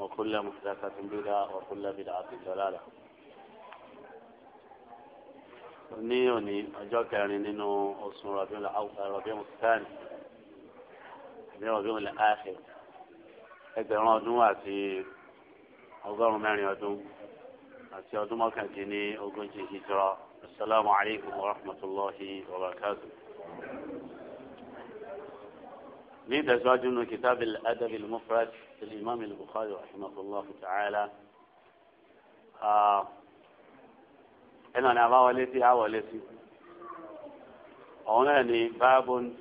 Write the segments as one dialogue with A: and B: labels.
A: وكل محدثة بدعة وكل بدعة ضلالة ní òní ọjọ́ kẹrin nínú oṣù rọ̀bí mùsùlùmí ní rọ̀bí mùsùlùmí ẹgbẹ̀rún ọdún àti ọgọ́rùn mẹ́rin ọdún àti ọdún mọ́kàndínlógójì hijra assalamu alaykum wa rahmatulahi wa barakatuh. لتزواج من كتاب الأدب المفرد للإمام البخاري رحمه الله تعالى ẹnu آه، أنا أبا sí أبا sí ọ̀hún náà باب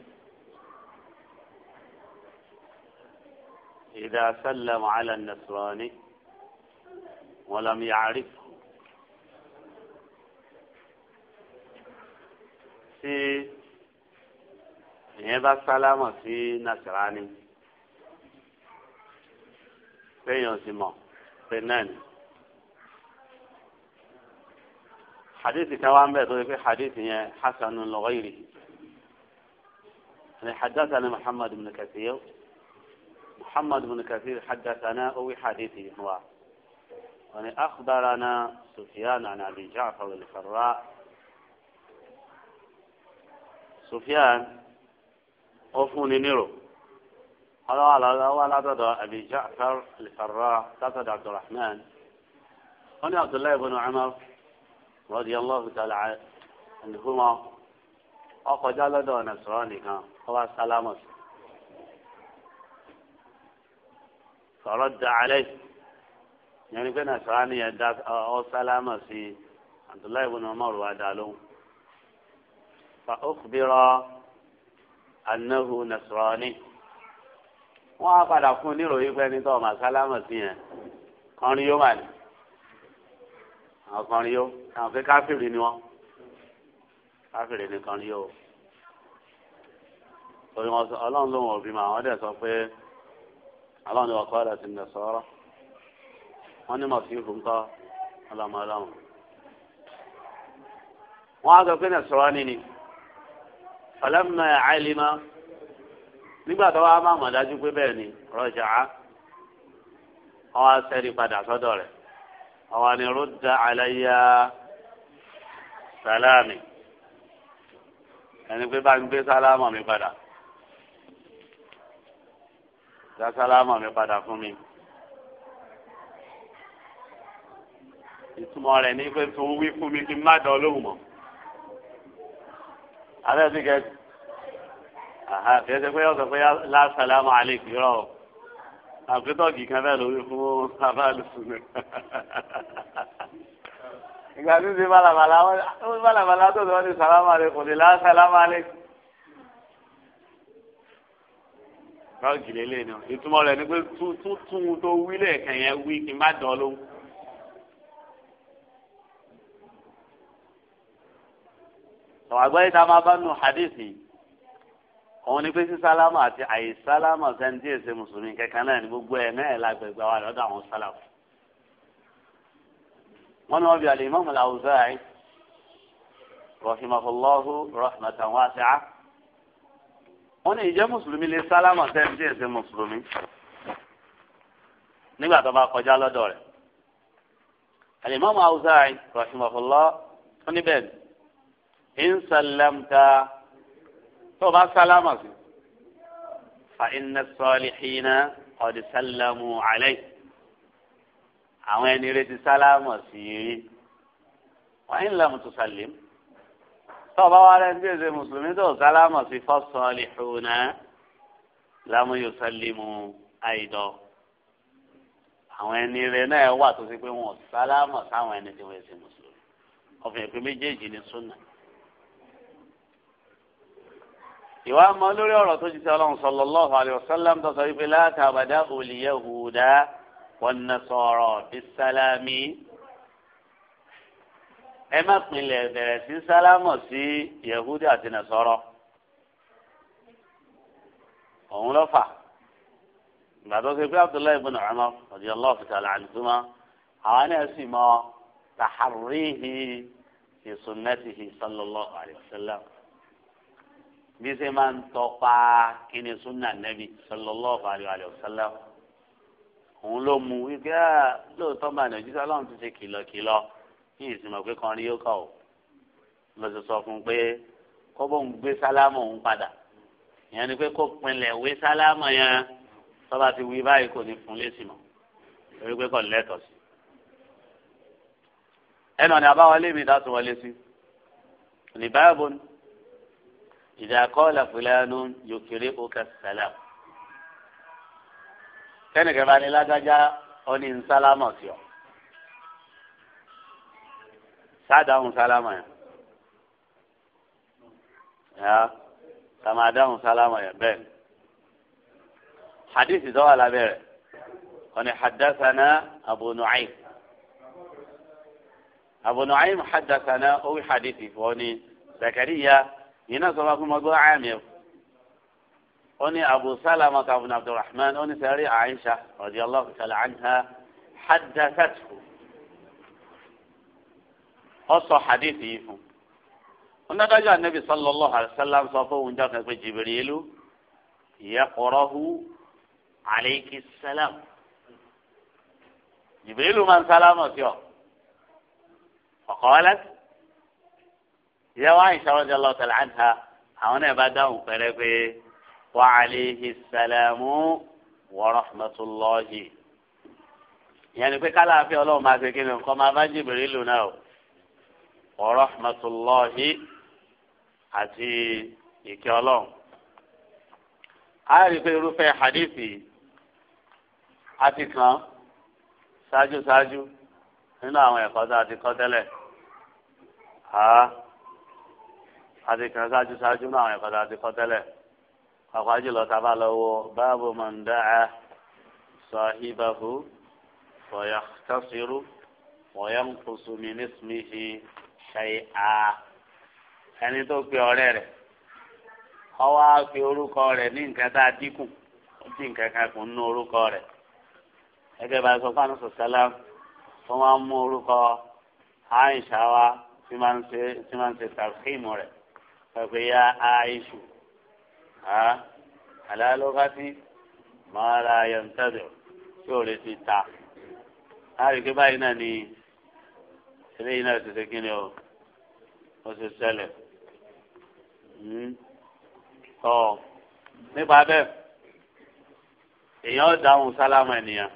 A: إذا سلم على النصراني ولم يعرفه في ìyẹn سلام في نصراني nasarani lẹ́yìn òsì mọ̀ حديث كوان بيت حديث حسن لغيره يعني حدثنا محمد بن كثير محمد بن كثير حدثنا أو حديثه هو يعني أخبرنا سفيان عن أبي جعفر الفراء سفيان ó fún ni nírò ọlọ́wọ́ alátọ̀dọ̀ Abi Ja'far al-Farra látọ̀dọ̀ Abdurrahman wọ́n ní Abdullahi ibn Umar radiyallahu ta'ala anhuma ọkọjá lọ́dọ̀ nàṣọ́rọ́ nìkan ọba sálámọ̀ sọ̀rọ̀ dàálẹ̀ yẹn ni pé nàṣọ́rọ́ nìyẹn dá ọ sálámọ̀ sí Abdullahi ibn Umar wà dá fa ó kúbi rọ anahu nasrani wọn á padà fún un níròyìn pé ẹni tó ọmọ sálámù sí yẹn kọrin yóò mà ní àwọn kọrin yóò àwọn pé káfíìrì ni wọn káfíìrì ni kọrin yóò torí wọn sọ ọlọ́run ló wọn òbí mà wọn dẹ̀ sọ pé ọlọ́run ni wọn kọ ẹ̀dá sí ní sọ̀rọ̀ wọn ní màsí ìfún kọ ọlọ́mọ ọlọ́run wọn á sọ pé ní sọ̀rọ̀ ọlọ́mọ àìlímọ́ nígbà tó wá má mọ̀ dájú pé bẹ́ẹ̀ ni rọjà á wọ́n wá sẹ́ni padà sọ́dọ̀ rẹ̀ àwọn ni rúdà àlàyé sàlámì ẹni pé bá ń gbé sálámà mi padà dá sálámà mi padà fún mi. ìtumọ̀ rẹ̀ ni pé tó wí fún mi kí n má dán lóhùn mọ́ abẹ́ ti kẹ́ kì í ṣe pé ọ̀sẹ̀ pé lásàlámù àlèkì rọ̀ ọ́ àpétọ́ọ̀gì kan bẹ́ẹ̀ lórí fún abáàlùsùn mi. ìgbà tí ti bàlàbàlà wọn bàlàbàlà tó ti wọn ti sàlámù àlèkì kò ní lásàlámù àlèkì. rọ́ọ̀gì lélẹ́yìn náà ìtumọ̀ rẹ̀ ni pé tuntun tó wí lẹ́ẹ̀kan wí kí n má dán lóhùn. tọ̀wọ́ àgbáyé tá a máa bá nù hadithi òun ni pé sí sálámà àti àìsálámà sẹ́ńtì èsè mùsùlùmí kankan náà ni gbogbo ẹ̀ náà lágbègbè wa lọ́dọ̀ àwọn sálàfù. wọ́n lọ bí alẹ́ imáàmù làwùzáì rahimahulahu rahmatan wasi'a wọ́n ní ìjẹ́ mùsùlùmí lè sálámà sẹ́ńtì èsè mùsùlùmí nígbà tó bá kọjá lọ́dọ̀ rẹ̀ alẹ́ imáàmù làwùzáì rahimahulahu in sallamta tó bá sálámà sí fa inna salihina qad sallamu alayhi àwọn ẹni retí sálámà sí rí wa in lam tusallim tó bá wà lẹ́nu bí ẹ̀sẹ̀ mùsùlùmí tó sálámà sí fa salihuna lam yusallimu aidan àwọn ẹni rẹ náà wà tó ṣe pé wọn sálámà sáwọn ẹni tí wọn ẹ̀sẹ̀ mùsùlùmí ọ̀fìn ìpín méjèèjì ní súnà. ìwà mọ lórí ọ̀rọ̀ tó jíṣẹ́ ọlọ́run sallallahu alaihi wasallam tó sọ wípé láti àbàdá al-yahuda wan-nasara bisálámì ẹ má pinlẹ̀ bẹ̀rẹ̀ sí sálámọ̀ sí yahudi àti nasara òun ló fà ìgbà tó ṣe pé abdullahi ibn umar radiyallahu ta'ala anhuma àwọn náà sì mọ tàháríhì fi sunnatihi sallallahu alaihi bí ṣe máa ń tọpa kíni súnà nẹ́bí sallallahu alaihi wa sallam òun ló mu wípé á ah, lóòótọ́ máa nà jíjọ́ ọlọ́run ti ṣe kìlọ̀kìlọ̀ kí ìsìnmọ̀ pé kan rí yóò kọ̀ ọ́ lọ sí sọ fún un pé kó bóun gbé sálámù òun padà ìyẹn ni pé kó pinlẹ̀ wé sálámù yẹn tọ́ba ti wí báyìí kò ní fún lésì mọ́ torí pé kò lẹ́tọ̀ọ́ sí ẹnu ọ̀nà àbáwọlé mi dá tún wọlé sí ní báyìí إذا قال فلان يقرئك السلام كان كمان لا تجا أن إن سلام أسيو سادهم سلاما يا سمادهم سلاما يا بين حديث دوا على بير أن حدثنا أبو نعيم أبو نعيم حدثنا أو حديثي فوني زكريا yìí náà sọ fún mi gbọ́ àmì ẹ̀ ó ní abu salama kabun abdulrahman ó ní sẹ́rí aisha radiyallahu ta'ala anha haddathathu ó sọ hadith yìí fún un onídàájọ́ anabi sallallahu alayhi wa sallam sọ fún òun jákèjì pé jibirilu yaqra'u alayki salam jibirilu máa ń sálámọ̀ sí ọ. فقالت ìyá wa Àìṣà radiyallahu ta'ala anha àwọn náà bá dáhùn pẹ́rẹ́ pé wa alayhi salamu wa rahmatullahi ìyẹn ni pé kálàáfíà ọlọ́run máa ṣe kí ni nǹkan máa bá Jibril lò náà wa rahmatullahi àti ìkẹ́ ọlọ́run. a rí i pé irúfẹ́ hadithi àti kan ṣáájú ṣáájú nínú àwọn ẹ̀kọ́ tá a ti kọ́ tẹ́lẹ̀ àti kan ṣáájú ṣáájú náà àwọn ẹ̀kọ́ tá a ti kọ́ tẹ́lẹ̀ ọ̀pá jùlọ tá a bá lọ wo báàbò mọ̀ndáà sahibahu wọ̀yàtọ́sirú wọ̀yàǹkùsùmínísìmíhì ṣayá ẹni tó pe ọ̀rẹ́ rẹ̀ ọwọ́ á pe orúkọ rẹ̀ ní nǹkan tá a dínkù ó ti nǹkan kan kù nínú orúkọ rẹ̀ ẹgbẹ́ bá sọ fáwọn sọ̀sálà tó máa ń mú orúkọ Aisha tí máa ń ṣe tàfíìmù rẹ̀ ẹgbẹ́ ya aishu ha alálọ́kàtì máa ra yantadọ̀ tí ò lè ti ta àríkè báyìí náà ni eléyìí náà ti ṣe kí ni o ó ṣe ṣẹlẹ̀ ọ nípa bẹ́ẹ̀ èèyàn dáhùn sálámà ènìyàn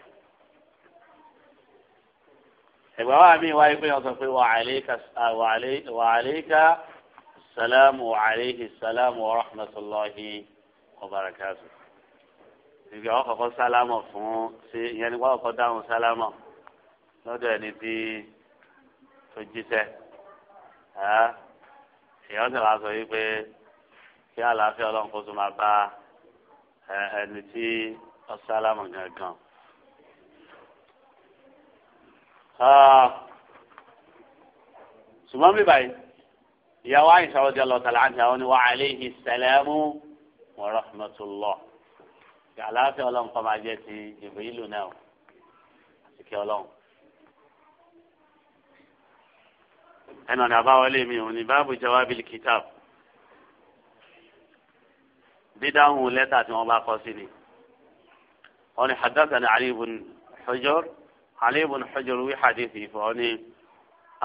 A: ẹgbẹ́ wa mi wáyé pé wọ́n sọ pé wàhálẹ́ka salamu alayhi السلام ورحمة الله وبركاته. barakatu. ìgbà wọn kọ́kọ́ sálámọ fún ṣe ìyẹn ni wọn kọ́kọ́ dáhùn sálámọ lọ́dọ̀ ẹni tí tó jíṣẹ́ èèyàn sì máa sọ yìí pé kí àlàáfíà ọlọ́run tó máa bá ẹni tí ó sálámọ gangan. ṣùgbọ́n bí ìyàwó àyìnṣà ọdí ọlọ́tàlá àti àwọn ni wà alayhi salamu wa rahmatullah àlàáfíà ọlọ́run kọ́ máa jẹ́ ti Jibrilu náà àti kí ọlọ́run. ẹnu ọ̀nà àbáwọlé mi òun ni báàbù jawabil kitab dídáhùn lẹ́tà tí wọ́n bá kọ́ sí ni. wọ́n ní haddathana Ali ibn Hujr Ali ibn Hujr wí hadith ìfọ̀ ni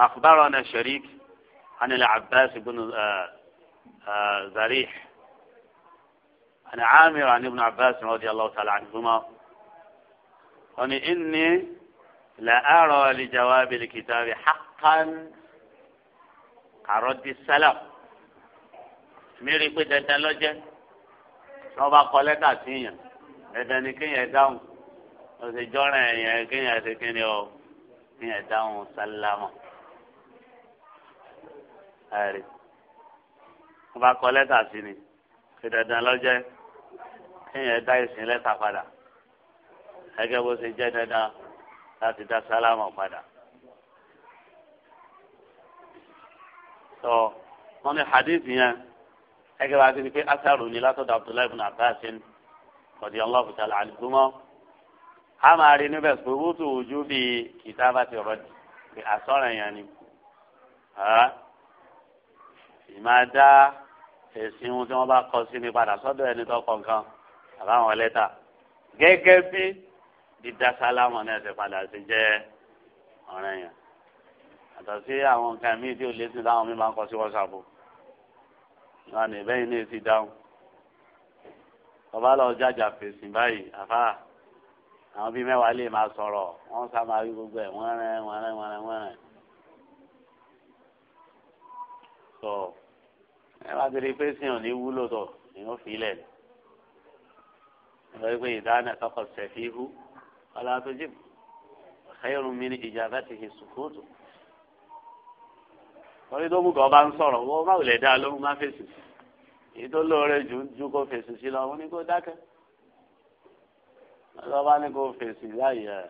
A: akhbarana Sharik. عن العباس بن زريح عن عامر عن ابن عباس رضي الله تعالى عنهما قال إني لا أرى لجواب الكتاب حقا كرد السلام mìíràn pé dandan lọ́jẹ́ tí wọ́n bá kọ lẹ́tà sí yàn dandan ni kéèyàn dáhùn ọ̀sẹ̀ jọ́ràn ẹ̀yàn kéèyàn ṣe kéèyàn ọ̀ kéèyàn dáhùn sálámà ẹ̀rí wọ́n bá kọ lẹ́tà sí ni fi dandan lọ́jẹ́ kéèyàn dá ìsìn lẹ́tà padà gẹ́gẹ́ bó ṣe jẹ́ dandan láti dá sálámà padà. sọ wọn ní hadith yẹn gẹ́gẹ́ bá ti di pé asaru ni látọ̀dọ̀ abdullahi ibn abbas radiyallahu ta'ala anhuma a máa rí níbẹ̀ sọ́wọ́tò ojú bíi kìtàbà ti rọ̀jì pé àsọ̀rọ̀ yẹn ni ìmáa dá èsì ohun tí wọ́n bá kọ sí mi padà sọ́dọ̀ ẹni tó kọ nǹkan àbáwọn lẹ́tà gẹ́gẹ́ bí dídá sálámù náà ṣe padà sí jẹ́ ọ̀rẹ́ yẹn àtọ̀ sí àwọn nǹkan míì tí ò lé sí láwọn mi máa ń kọ sí wọ́sàpù wọn ní ìbẹ́yìn náà ti dáhùn ọba lọ jájà fèsì báyìí àfa àwọn bíi mẹ́wàá lè máa sọ̀rọ̀ wọ́n sá rí gbogbo ẹ̀ wọ́n rẹ́ wọ́n rẹ́ wọ́n rẹ́ wọ́n rẹ́ ẹ bá tẹ̀lé pé sìn ò ní wúlò tọ̀ èèyàn fi ilẹ̀ ni ẹgbẹ́ ìdáná kọ́kọ́ sẹ̀fí hu ọlọ́tọ́jú xeyirun mi ni ìjàmbá ti fi sùkúrùtù wọ́n tó mú kọ́ bá ń sọ̀rọ̀ wọ́n má wulẹ̀ dáa lóhùn má fèsì èyí tó lóore jù ju kó fèsì sí lọ wọ́n ní kó dákẹ́ lọ́wọ́ bá ní kó fèsì láyé ẹ̀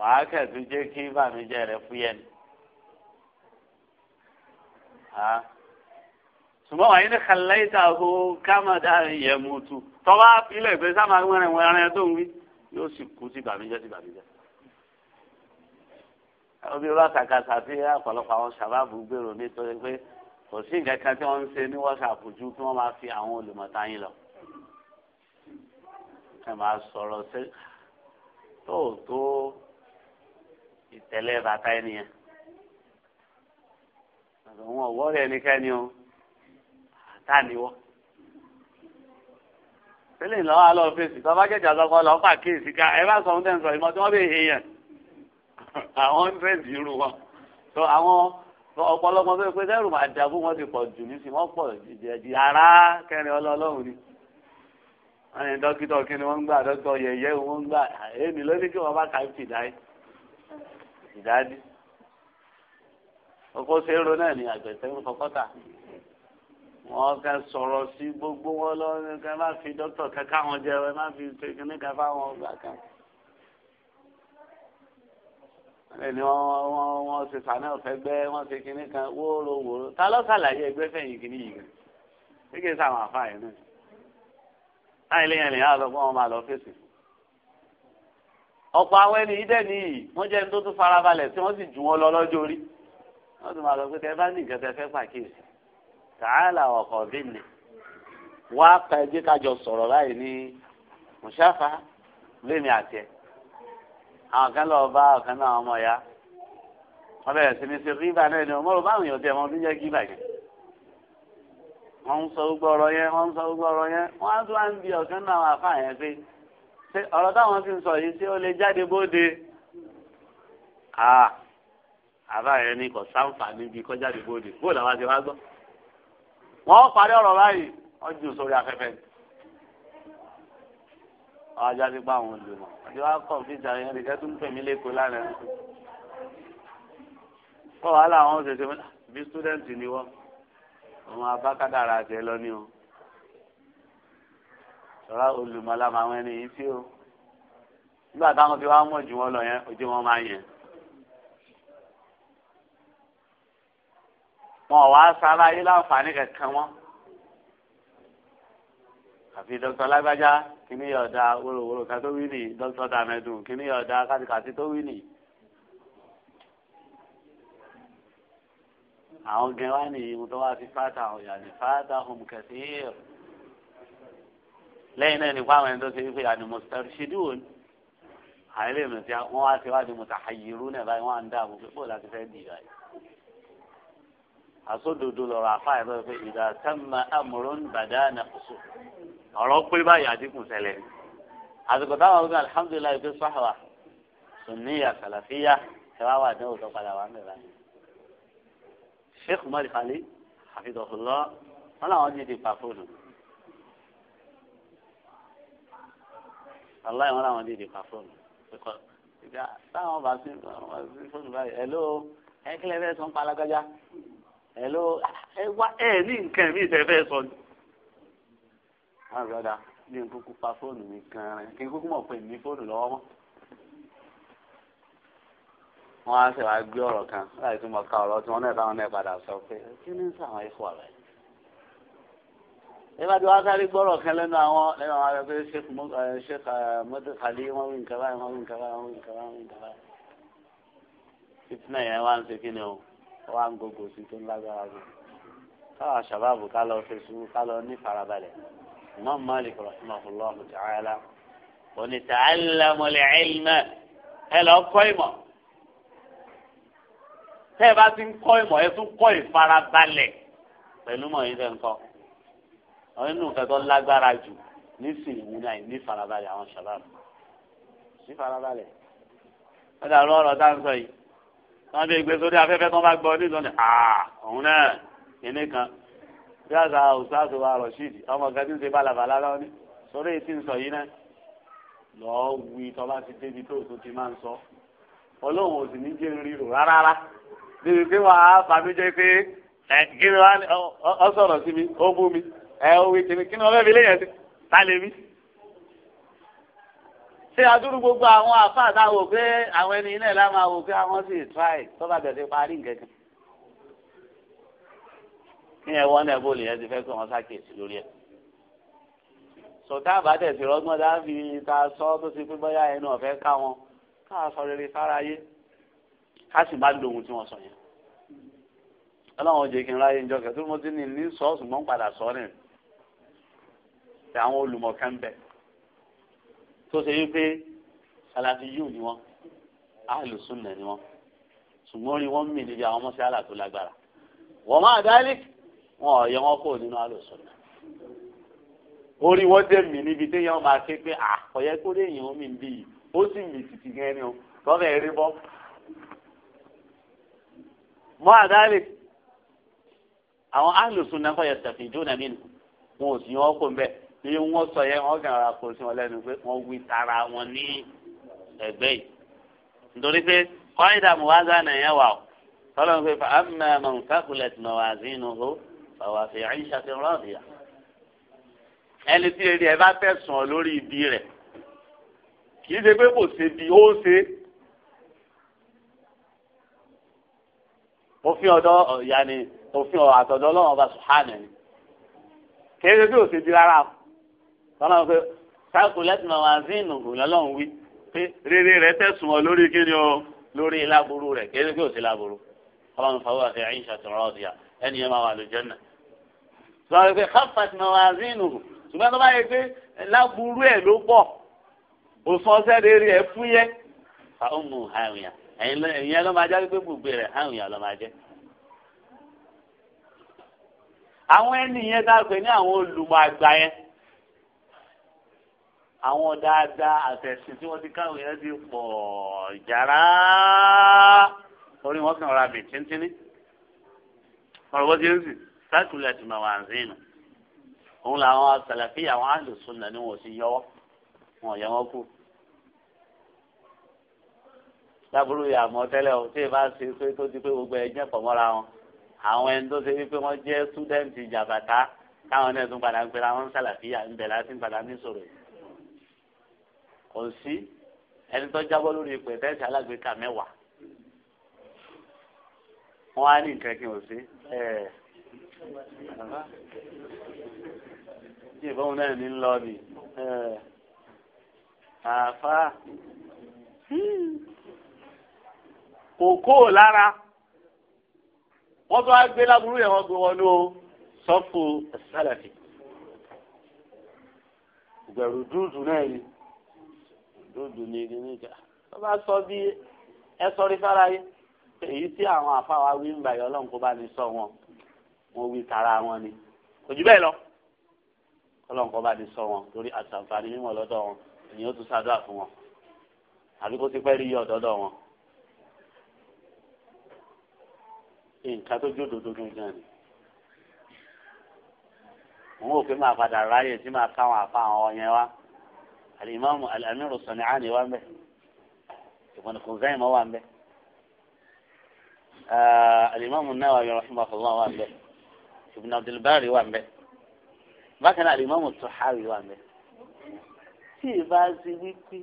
A: wàá kẹ̀ jẹ́ kí bàmíjẹ́ rẹ̀ fúyẹ́ ni ṣùgbọ́n wàá yín ní kàlẹ́tà ó kámọ́dá yẹ mú tu tọ́ba ilẹ̀ ìgbẹ́ sábà wẹ́rẹ̀ wẹ́rẹ́ tó ń wí yóò sì kú sí bàmíjẹ́ sí bàmíjẹ́. obi rákàkàtà tí ọ̀pọ̀lọpọ̀ àwọn sábàbù gbèrò nítorí pé kò sí nǹkan kan tí wọ́n ń ṣe ní wọ́sàpù ju kí wọ́n máa fi àwọn olùmọ̀ta yín lọ. ẹ máa sọ̀rọ̀ sí tóòtó ìtẹ̀lẹ́ bàtà ẹnìyẹn àwọn ọ̀wọ́ rẹ̀ nìkan ni o ta ni wọ́. sílẹ̀ lọ́wọ́ alọ́ fèsì tó bá jẹ́jà lọ́kọ́ fà kéèsì ká ẹ bá sọ ohun tẹ́ ń sọ ìmọ̀ tí wọ́n bẹ̀ èèyàn àwọn ń fẹ́ sí wọn. tó àwọn ọ̀pọ̀lọpọ̀ tó pé sẹ́rù máa dàbú wọn ti pọ̀ jù nísìnyí wọ́n pọ̀ jìjì ara kẹrin ọlọ́ọ̀lọ́hùn ni. wọ́n ní dókítà kí ni wọ́n ń gbà dókítà yẹ̀yẹ́ wọ́n ń gbà èmi lónìí kí wọ́n bá kà á fìdáyé fìdáyé ọkọ sẹ́rọ náà ni àgbẹ̀tẹ̀ ń fọkọ́tà wọn kẹ sọ̀rọ̀ sí gbogbo wọn lọ kẹ má fi dókítà kẹkẹ àwọn jẹ ẹ má fi kíní kẹ fáwọn ọgbà kan ẹni wọn wọn wọn ṣe sànà ọfẹ gbẹ wọn ṣe kíní kan wóró wóró ta ló ṣàlàyé ẹgbẹ fẹ̀yìn kíní yìí gan kíkẹ sáwọn àfáàyè náà láì léyìn lèyìn àlọ fún wọn máa lọ fèsì ọ̀pọ̀ àwọn ẹni yìí dẹ nìyí wọn jẹ ní tó tún farabalẹ̀ tí wọn sì jù wọn lọ lọ́jọ́ orí wọ́n tún máa lọ pé tẹ bá ní ìjọba ẹfẹ́ pàkíyèsí tààlà ọkọ̀ bí mi wá pa ẹgbẹ́ kájọ sọ̀rọ̀ báyìí ní mùsáfà lémi àti ẹ̀ àwọn kan lọ bá ọ̀kan náà ọmọ ya wọ́n bẹ̀rẹ̀ sí ní ṣe rìbá náà ni ọmọ rò báwọn èèyàn tẹ ọmọ ọdún jẹ́ gíbà yẹn wọ́n ń sọ gbogbo ọ̀rọ̀ yẹn wọ́n ń sọ gbogbo ọ̀rọ̀ yẹn wọ́n á tún wá ń bi ọ̀kan náà àwọn àfáà yẹn pé ọ̀rọ̀ táwọn ti ń sọ yìí ṣé ó lè jáde bóde àbá yẹn ní kò sáǹfààní bíi kọjá ìbòde bó làwọn ti wá gbọ́. wọ́n parí ọ̀rọ̀ báyìí wọ́n jù sórí afẹ́fẹ́ ni. wọ́n ajá sí pé àwọn olè mọ̀ àti wọ́n á kọ̀ fíjì àwọn yẹn nìkẹ́ tó ń pèmí lẹ́kọ̀ọ́ lánàá ẹ̀ kọ́ wàhálà àwọn ṣẹṣẹ bí sítúdẹ̀ǹtì ni wọ́n àwọn abákádàrà àti ẹ̀ lọ o sọ̀rọ̀ olùmọ̀lá màwọn ẹni yìí sí o nígbà táwọn fi wá mọ̀ jù wọn lọ yẹn ojú wọn máa yẹn. wọn wá sára yìí láǹfààní kankan wọn àfi dókítà lágbájá kíní yọ̀ọ̀dà wòlòwòlò ká tó wí nìyí dókítà dàmẹ́dùn kíní yọ̀ọ̀dà kátìkàtì tó wí nìyí. àwọn gan wá ní ìwọ̀n tó wá fi fáta àwọn ìyá ní fáta hùm kẹsíìr lẹ́yìn náà nípa àwọn ẹni tó ṣe wípé àni mustarshidun àìlèmọ̀ tí wọ́n wá ti wá di mùtàhàyìrú náà báyìí wọ́n á ń dáàbò pé bó láti fẹ́ dì báyìí àsódodo lọ́rọ̀ àfa ẹ̀ lọ́wọ́ pé ìdá sẹ́mà amúrún bàdá nàkóso ọ̀rọ̀ pé báyìí àdínkù ṣẹlẹ̀ ni àsìkò táwọn ọ̀gbìn alihamudulilayi fi sọ́hàwà sùnìyà kàlàfíà ẹ̀ wá wà ní òótọ́ padà wà mẹ́ta ni. sheikh umar khali àfidọ̀fọ̀lọ́ wọn làwọn ní ti pa fóònù aláì wọn làwọn ní ti pa fóònù táwọn bá sí fóònù báyìí ẹ̀ ló ẹ̀ kílẹ̀ fẹ́ sọ́n pa alágbájá ẹ ló ẹ wá ẹ ní nǹkan mi ìfẹ́ sọ ni. wọn rí ọ̀dà ní nkúkú pa fóònù mi kan kí nkúkú mọ̀ pé ní fóònù lọ́wọ́ mọ́. wọn á ṣe wàá gbé ọ̀rọ̀ kan láì tún mọ̀ ká ọ̀rọ̀ tí wọ́n náà táwọn náà padà sọ pé kí ni sàwọn ẹ̀fọ́ rẹ̀. ẹ bá ti sáré gbọ́rọ̀ kan lẹ́nu àwọn lẹ́nu àwọn ará pé sheikh mọ́tò kàlí wọ́n wí nǹkan báyìí wọ́n wí nǹkan báyìí wọ́n wí nǹkan báyìí wá ń gbogbo sí tó ń lágbára jù káwa ṣàbábù ká lọ fi sùn ká lọ ní farabalẹ̀ Imam Malik rahimahullah ta'ala òní ta'allamul ilma ẹ lọ kọ́ ìmọ̀ tẹ́ ẹ bá ti ń kọ́ ìmọ̀ ẹ tún kọ́ ìfarabalẹ̀ pẹ̀lú mọ̀ yín tẹ́ ń kọ́ àwọn inú nǹkan lágbára jù nísìnyí ní náà ní farabalẹ̀ àwọn ṣàbábù ní farabalẹ̀ ó dàrú ọ̀rọ̀ táwọn sọ yìí wọn bí gbé sórí afẹ́fẹ́ tó bá gbọ́ nígbà ní ọ̀hún ah, náà kíní kan bí àgbà ọ̀sáàtò wa Rashid ọmọ kan tí ń ṣe bálabàlá lọ ní sórí èyí tí ń sọ yìí náà lọ́ọ́ wí tó bá ti débi tó tó ti máa ń sọ ọlọ́run ò sì ní jẹ́ ríro rárá níbi pé wàá fàmí jẹ́ pé ẹ kí ni wàá ọ sọ̀rọ̀ sí mi ó bú mi ẹ ó wí kíni kíni ọlọ́ọ̀bí lè yẹn sí ta lè ṣé adúrú gbogbo àwọn àfáà tá a àwọn ẹni ilẹ̀ la máa wò àwọn sì tíráì tó bẹ̀rẹ̀ parí nǹkan kí ẹ wọ́n náà bó yẹn ti fẹ́ kí wọ́n ṣàkíyèsí lórí ẹ̀. sọ̀tá àbádẹ̀ rọ́gbọ́n dábì ta sọ tó ti pín bọ́yá ẹnu ọ̀fẹ́ ká wọn ká sọ rere fáráyé ká sì má lo ohun tí wọ́n sọ yẹn. ọlọ́run òjè kí n ráyè njọ́ kẹ́tù mo ti ní ní sọ́ọ̀sì tó ṣe wípé sàlàfí yù ni wọ́n àlùsùnà ni wọ́n ṣùgbọ́n orí wọn mì níbi àwọn mọ́sálà tó lágbára wọ́n máa dálé wọn ò yẹ wọn kó nínú àlùsùnà orí wọn dé mì níbi téèyàn máa ké pé àkọyẹ ah, kó lè yàn mí bí yìí ó sì mì tìtì gan ni o tọ́lẹ̀ eré bọ́ mọ́ àdálé àwọn àlùsùnà kọ́ yẹ sẹ̀fìn jóná mi nù wọn ò sì yàn ọ́ kó ń bẹ́ẹ̀ ní wọ́n sọ yẹn wọ́n kàn ra kó sí wọn lẹ́nu pé wọ́n wí tara wọn ní ẹgbẹ́ yìí nítorí pé kọ́ńdà muwaza nìyẹn wà ó tọ́lọ́mù pé fàámà mọ̀nkákulẹ̀t mọ̀wázínú hó fàwà fi àyíṣà ti rọ́ọ̀dìyà ẹni tí eré ẹ bá tẹ̀sùn ọ lórí ibi rẹ̀ kì í ṣe pé kò ṣe bí ó ṣe òfin ọ̀dọ́ yanni òfin àtọ̀dọ́ ọlọ́run ọba sùhánì kì í ṣe pé kò ṣe bí rárá o tọ́lá wọn pé sáàkù lẹ́sìn àwọn azínù lọ́lọ́run wí pé rere rẹ tẹ̀sùn ọ lórí kíni o lórí ìlàbúrú rẹ kéde kí o sí làbúrú ọlọ́run fàwọn àti àyíṣà tó rọ́ ọ̀dìyà ẹni yẹn máa wà lójẹ́ náà tọ́lá wọn pé káfàtì àwọn azínù ṣùgbọ́n tó bá yẹ pé láburú ẹ̀ ló pọ̀ òsùn ọ̀sẹ̀ rere ẹ̀ fúyẹ́ fàwọn mú àwìyàn ẹ̀yìn ló máa jẹ́ pé gbogbo rẹ̀ àwìyàn ló máa jẹ́ àwọn ẹni yẹn tá a ní àwọn olùmọ̀ àgbà yẹn àwọn dáadáa àtẹ̀sìn tí wọ́n ti káwọn yẹn ti pọ̀ jàrá orí wọn kàn ra bì tíntínní ọ̀rọ̀ bó ti ń sìn sákìlì àti màwáńzínù òun làwọn sàlàfí àwọn àlùsùnà ni wọn ò sì yọwọ́ wọn ò yẹ wọn kú. lábúrò yà mọ́ tẹ́lẹ̀ o tí ì bá ṣe pé tó di pé gbogbo ẹ̀jẹ̀ pọ̀ mọ́ra wọn àwọn ẹni tó ṣe wípé wọ́n jẹ́ súdẹ́ǹtì jàbàtà táwọn náà tún padà ń pera wọn sàlàfí à ń bẹ̀ padà ní sọ̀rọ̀ yìí kò sí ẹni tó jábọ́ lórí ipò ẹ̀tẹ́sì alágbèéká mẹ́wàá wọ́n á ní nǹkan kí n ò sí tí ìbọn náà ní lọ ni àfa kò kó o lára wọ́n tó wá gbé láburú yẹn wọ́n gbé wọnú o sọ́fù sálàfì gbẹ̀rù dúdú náà ni dúdú ní igi níjà tó bá sọ bí ẹ sọrí sára yìí èyí tí àwọn àfáwà wí ń bàyọ̀ ọlọ́run kó bá ní sọ wọn wọn wí tara wọn ni kò jù bẹ́ẹ̀ lọ ọlọ́run kó bá ní sọ wọn torí àtàǹfààní mímọ̀ lọ́dọ̀ wọn ènìyàn tún ṣàdúrà fún wọn àbí kó ti pẹ́ rí ọ̀dọ́dọ̀ wọn. nǹkan tó jó dodo gangan ni òun ò pé máa padà ráyè tí máa káwọn àfa àwọn yẹn wá alimami alamiru sọnìcani wà mbẹ ibùn kùnzẹ́yìn wà mbẹ ah, alimami nawawi rahimahullah wà mbẹ ibùn abdulbari wà mbẹ bákan náà alimami tuhawi wà mbẹ tí ìbá ṣe wípé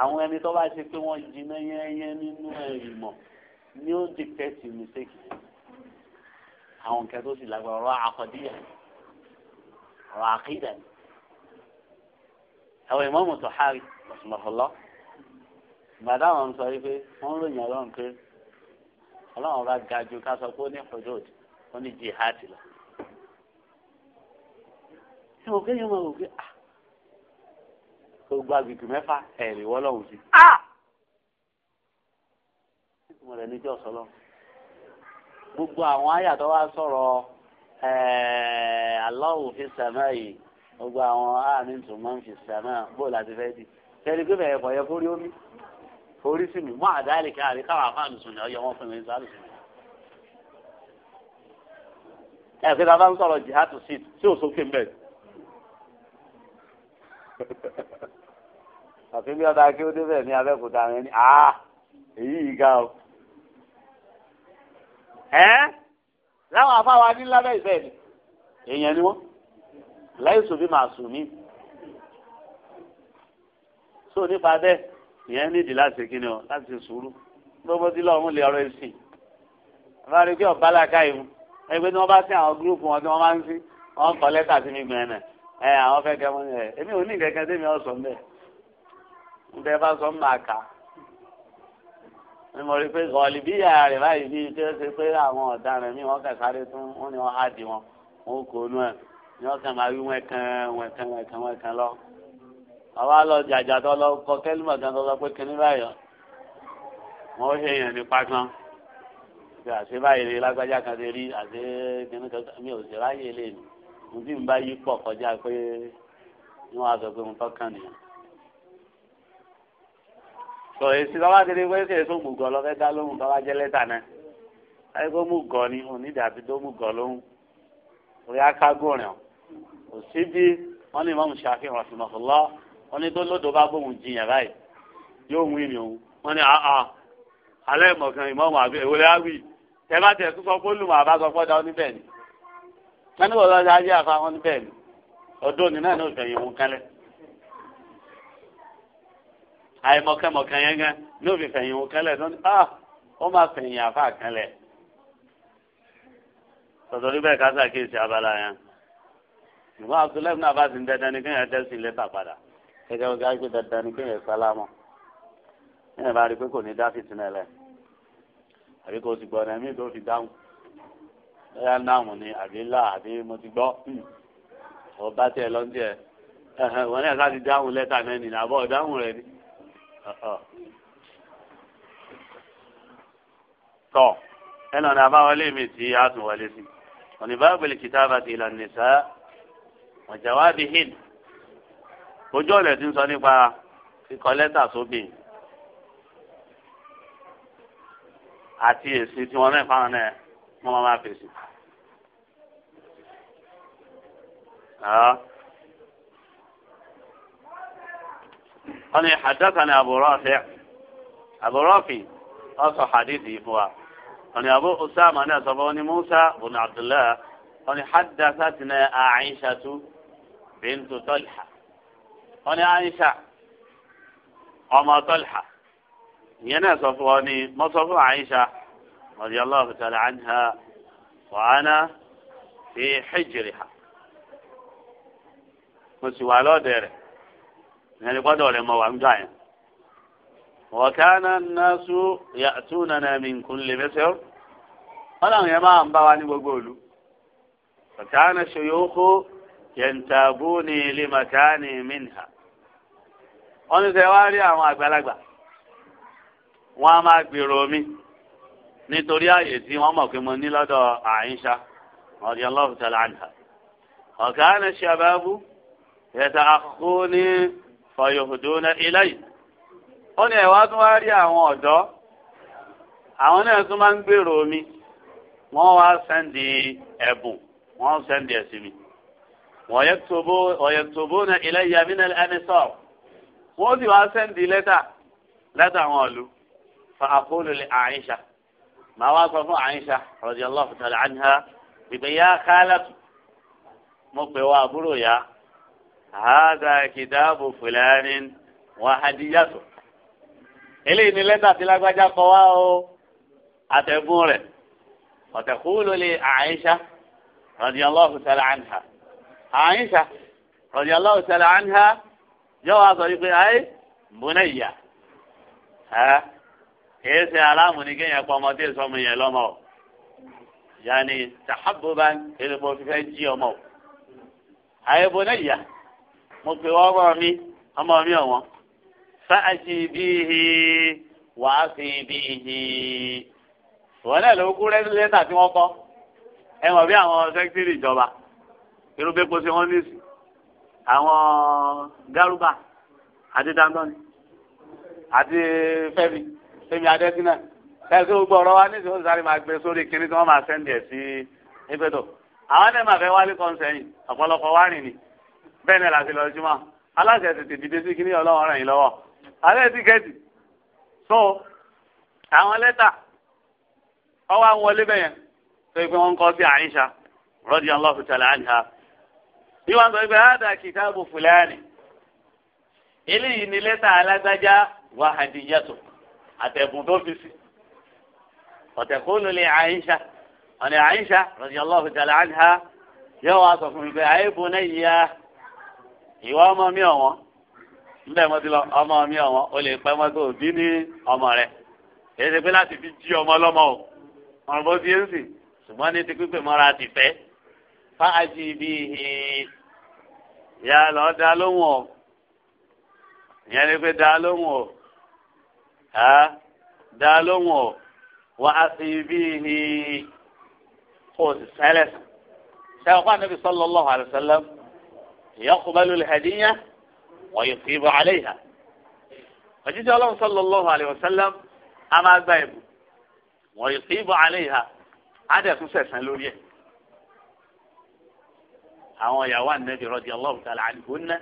A: àwọn ẹni tó bá ṣe pé wọ́n jiná yẹ́nyẹ́ nínú ìmọ̀ ni ó di pẹ́ẹ́tì mistake àwọn nǹkan sì lágbára ọ̀rọ̀ àkọ́díyà ọ̀rọ̀ àkídà ni àwọn ìmọ̀ọ́mù tó hárì ọ̀sùnmọ̀fọ̀lọ́ gbàdá wọn sọ wípé wọ́n ròyìn ọlọ́run pé ọlọ́run bá ga ju ká sọ pé ó ní hudud ó ní jihad lọ. ṣé o kéèyàn máa wò pé à ah, kò gba gbìgbì mẹ́fà ẹ̀rì wọ́lọ́hùn sí. Ah! mo rẹ̀ níjọ́ sọlọ́ gbogbo àwọn àyà tó wá sọ̀rọ̀ Allahu fi sàmáyì gbogbo àwọn àmì tó máa ń fi sàmà bó láti fẹ́ di tẹ́lẹ̀ pé bẹ̀rẹ̀ kọ̀ yẹ kó rí omi forí sí mi mú àdáàlì káàrí káwọn afáàlù sùn ní ọyọ wọn fún mi ní sàlù sùn. ẹ pé bàbá ń sọ̀rọ̀ jihad sí tí ò sókè mbẹ́. àfi bí ọba kí ó ní abẹ́kúta rẹ ní àá èyí yìí ga o. ẹ láwọn afáwa ní lábẹ́ ìfẹ́ ni èèyàn ni wọ́n láìsùn bí màá sùn mí. so nípa bẹ́ẹ̀ ìyẹn nídìí láti kíni o láti sùúrù gbogbo tí lọ́ọ̀mù lè ọ̀rọ̀ èsì bá rí pé ọ̀bá làkàyè mu ẹgbẹ́ tí wọ́n bá sí àwọn gúrúùpù wọn tí wọ́n máa ń sí wọ́n kọ́ lẹ́tà sí mi gbẹ̀ẹ́nà ẹ àwọn fẹ́ kẹ́ mọ́ ẹ èmi ò ní kẹ́kẹ́ tẹ́mi ọ̀sán bẹ́ẹ̀ ǹdẹ́ bá sọ máa kà ni mo rí pé gọ̀ọ́lì bí ìyá rẹ̀ báyìí bí tí ó ṣe pé àwọn ọ̀daràn mi wọ́n kẹ̀ sáré tún wọ́n ní wọ́n á di wọn wọ́n kò nú ẹ̀ ni wọ́n kàn máa wí wọ́n kan wọ́n kan wọ́n kan wọ́n kan lọ. àwa lọ jàjà tó lọ kọ kẹ́límọ̀ kan tó lọ pé kíní báyọ̀ wọ́n ṣe èèyàn nípa kan ṣe àṣẹ báyìí lè lágbájá kan ti rí àṣẹ kíní kan mi ò sì ráyè lè nù mo bí mi bá yí pọ̀ kọjá pé wọ́n á sọ pé mo tọ́ nìyẹn sọ èsì bá wá dédé wẹ́sẹ̀ èso mùgọ̀ lọ́fẹ́ dá lóhùn bá jẹ́ lẹ́tà náà ayé kó mùgọ̀ ni onídàbí tó mùgọ̀ lóhùn orí akágùn rìn ọ́ kò sí bí wọ́n ní ìmọ̀mù ṣàfi rọ̀fìmọ̀fọ̀lá wọ́n ní tó lódò bá bóun jiyàn báyìí yóò wí ni òun wọ́n ní àá alẹ́ mọ̀kàn ìmọ̀mù àbí ìwòlẹ́ àwì tẹ bá tẹ sọ pé olùmọ̀ àbá sọ pé ọ̀dà ni wọ́n ní bọ̀dọ̀ ọjà ajé àfa wọn níbẹ̀ ni ọdún òní náà ní òfin ìwọ̀n kálẹ̀ àìmọ̀kẹ́mọ̀kẹ́ yẹn gan ní òfin fẹ̀yìn òun kẹ́lẹ̀ lọ́ni ah ó máa fẹ̀yìn àfa kẹ́lẹ̀ tọ̀tọ̀ níbẹ̀ ká sàkíyèsí abala yẹn ṣùgbọ́n abdullahi ibn abbas ń dandan ni kéèyàn dẹ́sí lẹ́tà padà gẹ́gẹ́ bí wọ́n gbé dandan ni kéèyàn sálámọ́ kéèyàn bá rí i pé kò ní dá fìtínà lẹ̀ àbí kò sì gbọ́ ọ̀nà míì tó fi dáhùn lọ́yà náàmù ni àbí là àbí mo ti gbọ́ ọ bá tiẹ̀ lọ tiẹ̀ wọ́n náà láti dáhùn lẹ́tà náà nì àbọ̀ dáhùn rẹ̀ ni. tọ́ ẹ lọ́nà àbáwọlé mi tí a tún wọlé sí ọ̀nì bá gbèlè kìtàbà ti ìlànà ìsáyà ọ̀jàwá bíi hill ojú ọ̀lẹ̀ ti ń sọ nípa kíkọ lẹ́tà sóbì àti èsì tí wọ́n náà fáwọn náà wọ́n máa fèsì. wọ́n ní haddathana Abu Rafi Abu Rafi wọ́n sọ hadithi fún wa wọ́n Abu Usama náà sọ fún wọn ní Musa bùnà Abdullah wọ́n ní haddathatna Aishatu. بنت طلحة أنا عائشة أما طلحة ينا صفواني ما صفوا عائشة رضي الله تعالى عنها وأنا في حجرها مسوى له دير يعني قدوا لما وعمدين وكان الناس يأتوننا من كل مصر أنا يا ما أنبغاني وقولوا فكان الشيوخ yẹntabuni limakani minha wọ́n ti sẹ wá rí àwọn àgbàlagbà wọ́n á máa gbèrò omi nítorí àyè tí wọ́n mọ̀ pé mo ní lọ́dọ̀ àyínṣá radiyallahu ta'ala anha ọ̀kánà ní yẹta àkóní fọyọ̀hùdúnà iláyì ó ní ẹ̀wá tún wá rí àwọn ọ̀dọ́ àwọn náà tún máa ń gbèrò wá ويكتبون إلي من الأنصار وودي واسن دي لتا لتا مولو فأقول لعائشة ما وصف عائشة رضي الله تعالى عنها بيا خالت مقوى برويا هذا كتاب فلان وهديته eléyìí ni lẹ́tà tí lágbájá kọ wá o àtẹ̀gùn rẹ̀ ọ̀tẹ̀kùn àyíṣà rọ̀jà allah, sẹ́lẹ̀ àńhà yóò wá sọ wípé ayé múnẹ̀ ìyá ẹ kìí ṣe aláàmù ní kéèyàn pọ ọmọdé sọmọ yanni tàhábùbá èlùbọ fífẹ jí ọmọ o ayé ọmọ mi mi ọ̀wọ́n fáàjì fi irúgbẹ́ kó ṣe wọ́n ní sí àwọn gárúbà àti dandoni àti fẹ́mi fẹ́mi adẹ́sínà ẹ̀sìn gbogbo ọ̀rọ̀ wa níṣẹ́ oṣù sáré máa gbé sórí kinní tí wọ́n máa sẹ́ndì ẹ̀ sí ẹgbẹ́tọ̀ àwọn ẹ̀ máa fẹ́ wálé kan sẹ́yìn ọ̀pọ̀lọpọ̀ wá rìn ni bẹ́ẹ̀ náà láti lọ jùmọ̀ aláṣẹ tètè dìde sí kinní ọlọ́run ràn yín lọ́wọ́ alẹ́ tíkẹ́ẹ̀tì so àwọn lẹ́tà ọwọ́ àwọn wọlé bẹ́yẹn tó yẹ pé wọ́n ń kọ́ sí Àìṣà radiyallahu ta'ala anha bí wọ́n sọ pé hádà kìtàbù fúlàní eléyìí ni lẹ́tà alágbájá wà hàdìyàtò àtẹ̀bùn tó fi sí ọ̀tẹ̀kùnú lè àyíṣà ọ̀nà àyíṣà radiyallahu ta'ala anha yóò wá sọ fún mi pé àyèbó náà yíya ìwà ọmọ mi ọ̀wọ́n níbẹ̀ mo ti lọ ọmọ mi ọ̀wọ́n o lè pẹ́ mọ́tò òbí ní ọmọ rẹ̀ èyí ti pé láti fi jí ọmọ ọlọ́mọ o ọ̀rọ̀ bó ti ń sìn ṣùgbọ́n ní ti pípé mọ́ra ti fẹ́ fáájì bíi ìyá lọ da lóhùn o ìyẹn ni pé da lóhùn o ha da lóhùn o wà á sì bí ní kò sì sẹ́lẹ̀ sẹ́wọ́n kó anabi sallallahu alayhi wa sallam yaqbalu al-hadiyya wa yusibu alayha òjijì ọlọ́run sallallahu alayhi wa sallam a máa gba ìbù wa yusibu alayha á dẹ̀ tún sẹ̀sẹ̀ lórí ẹ̀ àwọn ìyàwó ànẹ́bí radiyallahu ta'ala anhunna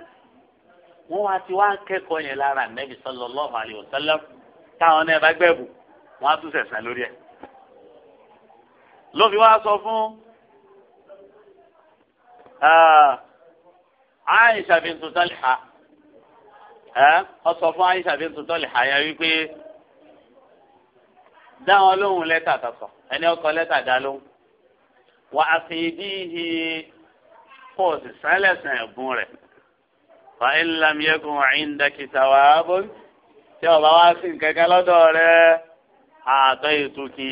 A: wọ́n wá ti wá kẹ́kọ̀ọ́ yẹn lára ànẹ́bí sallallahu alayhi wa sallam táwọn náà bá gbẹ̀bù wọ́n á tún sẹ̀sẹ̀ lórí ẹ̀. ló fi wá sọ fún ah, Aisha bintu Talha ọ sọ fún Aisha bintu Talha yẹn wípé dá wọn lóhùn lẹ́tà tọ̀tọ̀ ẹni ọkọ lẹ́tà dá lóhùn wà á fi díhì kó o sì sálẹ̀sàn ẹ̀bùn rẹ̀ fa ilam yẹkun ẹ̀yìndà kìtàwá bọ́n tí ọba wá sí kẹ̀kẹ́ lọ́dọ̀ rẹ̀ àtọ́ ètò kí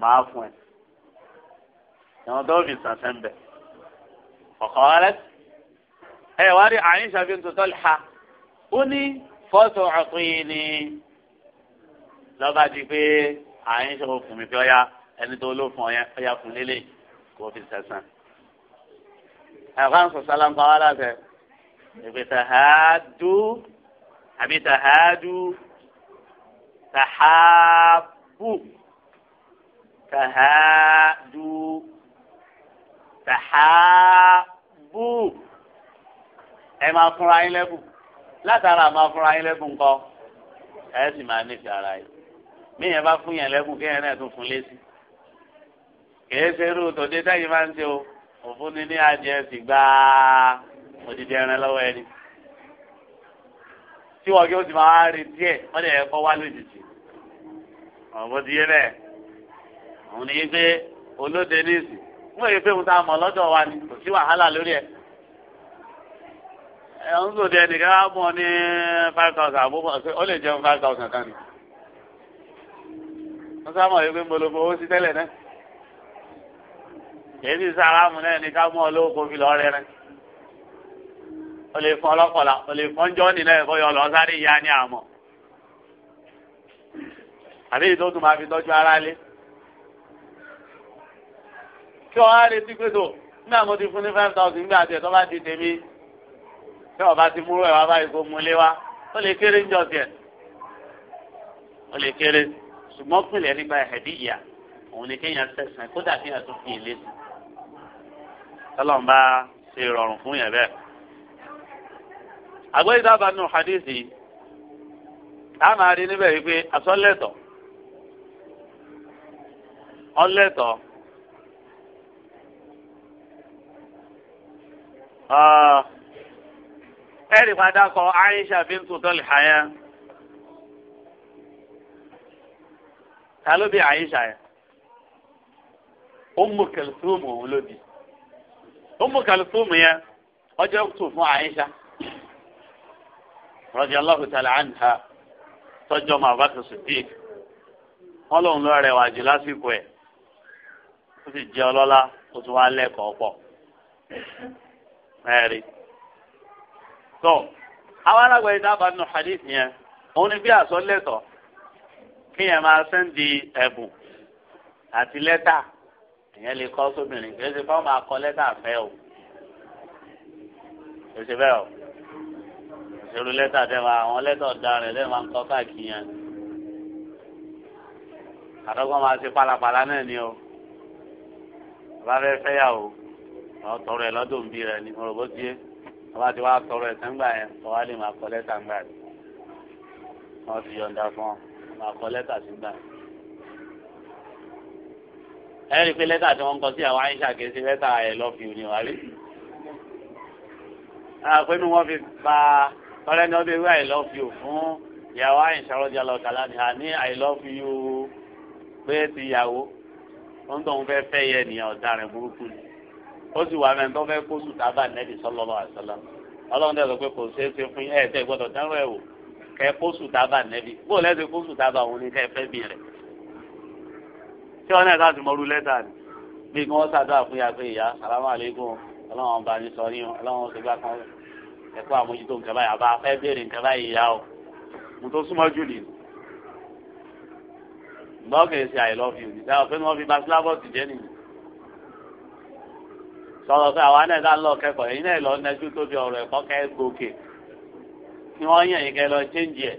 A: máa fún ẹ ẹ̀wọ̀n tó fi sàn sẹ́ńbẹ̀ ọ̀kọ́ rẹ̀ ẹ wá rí Aisha bint Talha ó ní fọ́tò ọ̀pìn ni lọ́ba di pé Aisha ò fún mi pé ọ̀ya ẹni tó ló fún ọ yẹn fún lélẹ̀ kó o fi sẹ̀sán àwọn sọ sálám pa wá láṣẹ ìpè tàhádú àbí tàhádú tàhábù tàhádú tàhábù ẹ máa fúnra yín lẹ́bùn látara máa fúnra yín lẹ́bùn kọ́ ẹ sì máa nífẹ̀ẹ́ ara yìí míyàn bá fún yàn lẹ́bùn kéèyàn náà tún fún lésì kèé ṣerú tòde táyì máa ń ṣe o. òfun ni ní adìẹ sì òdìdí ẹran lọ́wọ́ ẹni tí wọ́n kí ó ti máa retí ẹ̀ wọ́n lè kọ́ wá lójijì ọ̀bọ̀ ti yé òun ni pé olóde ní ìsìn fún èyí pé òun wa ni kò sí wàhálà lórí ẹ ẹ̀hún sòdì ẹnìkan á ní five thousand ó lè jẹun five èyí sàrámù náà ní ká mú ọ lówó kó fi lọ rẹ rẹ o lè fún ọlọ́kọ̀lá o lè fún jọ́ọ̀nì náà kó yọ lọ sáré ìyá ní àmọ́ àbí èyí tó tún máa fi tọ́jú ara lé kí ọ á retí pé tó nígbà mo ti fún ní five thousand nígbà tí ẹ̀ tó bá di tèmi tí ọba ti múrò ẹ̀ wá báyìí kó múlé wá ó lè kéré ń tiẹ̀ ó lè kéré ṣùgbọ́n pínlẹ̀ nígbà ẹ̀dí ìyà òun ni kéèyàn sẹ̀sìn kódà kéèyàn tún fi ìlé sí tọ́lọ́n bá ṣe rọrùn fún yẹn bẹ́ẹ̀. àgbẹ̀yìn dábàá nù hadithi tá a máa rí níbẹ̀ wípé asọ́lẹ̀tọ̀ ọlẹ́tọ̀ ẹ̀rì padà kọ Aisha bintu Talhaya ta ló bí Aisha yẹn Ummu Kulthum òun ló bí. Ummu Kalthum yẹn ọjọ́ tù fún Àyíṣà radiyallahu ta'ala anha tọ́jọ́ máa bá tó Siddiq wọ́n lòun lọ rẹwà jù lásìkò ẹ̀ ó sì jẹ́ ọlọ́lá ìyẹn lè kọ́ sóbìnrin kì í ṣe fọ́ọ̀mù akọ́lẹ́tà fẹ́ o kì í ṣe bẹ́ẹ̀ o ìṣòro lẹ́tà tẹ́ wa àwọn lẹ́tà ọ̀daràn lẹ́ẹ̀ máa ń kọ́ káàkiri yẹn àdọ́gbọ́n máa ṣe pálapàla náà ni o bàbá fẹ́ fẹ́yà o ọ̀ tọrọ ẹ̀ lọ́dọ̀ òbí rẹ̀ ni mo rò bó tiẹ̀ bàbá ti wá tọrọ ẹ̀ sẹ́ńgbà yẹn ọ̀ wá lè máa kọ́ lẹ́tà ńgbà yẹn wọ́n ti yọ̀ǹda fún ọ máa kọ́ lẹ́tà sí gbà yẹn ẹ rí i pé lẹ́tà tí wọ́n kọ sí àwọn àyíṣà kì í ṣe lẹ́tà ẹ̀ òní wa rí. àpẹnu wọn fi ba ọ̀rẹ́ ní ọdún ewé I love you ìyàwó àyíṣà rọ́jà lọ́kàlá ni àní I love you pé ti ìyàwó wọ́n tó ń fẹ́ fẹ́ yẹ ènìyàn ọ̀daràn burúkú ni ó sì wà mẹ́rin tó fẹ́ kó sùn tábà nẹ́bí sọ́lọ́lọ́ àṣọlá ọlọ́run dẹ̀ sọ pé kò kí wọn náà ká tún mọrú lẹ́tà ni bí kí wọn ṣàdúrà fún ya pé ìyá salamu aleykum ọlọ́wọ́n bá ní sọ ní o ọlọ́wọ́n ti gbà kan ẹ̀kọ́ àmójútó nǹkan báyìí àbá fẹ́ béèrè nǹkan báyìí ìyá o mo tó súnmọ́ jù nì. gbọ́ kìí ṣe I love you nígbà pé wọ́n fi bá sílábọ̀sì jẹ́ nìyí. sọ̀rọ̀ pé àwa náà dá lọ kẹ́kọ̀ọ́ ẹ̀yin náà lọ nẹ́jú tóbi ọ̀rọ̀ ẹ̀kọ́ kẹ́ gòkè kí wọ́n yàn yín kẹ́ lọ chéńjì ẹ̀.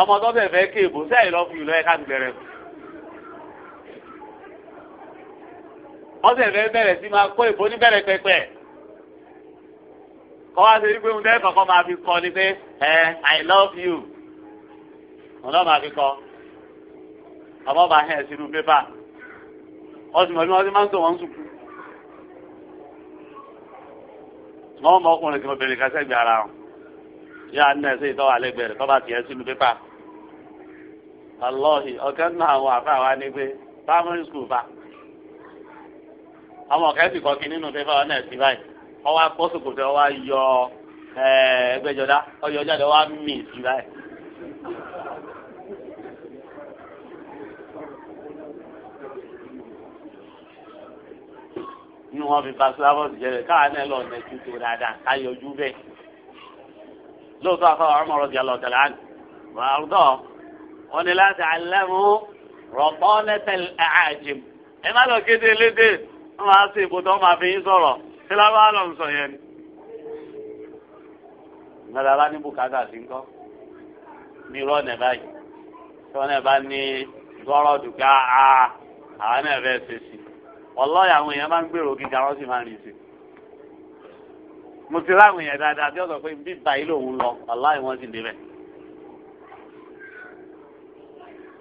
A: ọmọ tó bẹ̀ fẹ́ kéèbó sẹ́yìn lọ́ fi ìlú ẹ̀ ká ti bẹ̀rẹ̀ kù. ọsẹ fẹ bẹ̀rẹ̀ sí máa kó ìbò níbẹ̀rẹ̀ pẹpẹ kọ wá sí wípé ohun tẹ máa fi kọ ni pé ẹ i love you òun náà máa fi kọ ọmọ bá hẹ sínú pépà ọsùn bí wọ́n ti máa ń tò ń bèrè gbé ara wọn yóò á ẹsẹ sínú pépà pé primary school fa. àwọn ọ̀kẹ́ sì kọ́kí nínú fífa ọ̀nà ẹ̀sìn báyìí ọwọ́ akọ́sùkò tẹ ọwọ́ ayọ eh, ẹgbẹ́jọdá ọyọ jáde ọwọ́ mì sí báyìí. inú wọn fi basilabọọsì jẹrẹ káà náà lọ nẹjú tó dáadáa káyọjú bẹ́ẹ̀ lóòótọ́ àfọwọ́ ọmọ ọ̀rọ̀ di ọlọ́ọ̀tẹ̀lá ni wàhálùdọ́ wọn ni láti alẹ́ mú rọ̀pọ́ nẹ́tẹ̀lẹ́ àjẹm ẹ má lọ kéde lédè wọ́n máa ṣe ìbò tó máa fi yín sọ̀rọ̀ tí lábá lọ sọ yẹn ni. ìgbàdá bá ní bùkátà sí ńkọ́ ní irú ọ̀nà báyìí tí wọ́n náà bá ní gbọ́rọ̀ dùkà á ah, ah, àwọn náà fẹ́ ṣe sí i. ọlọ́ọ̀yà àwọn èèyàn máa ń gbèrò gíga wọ́n sì máa ń rìn sí i. mo ti ráwọn èèyàn dáadáa tí wọ́n sọ pé bí báyìí lòun lọ ọláì wọ́n sì débẹ̀.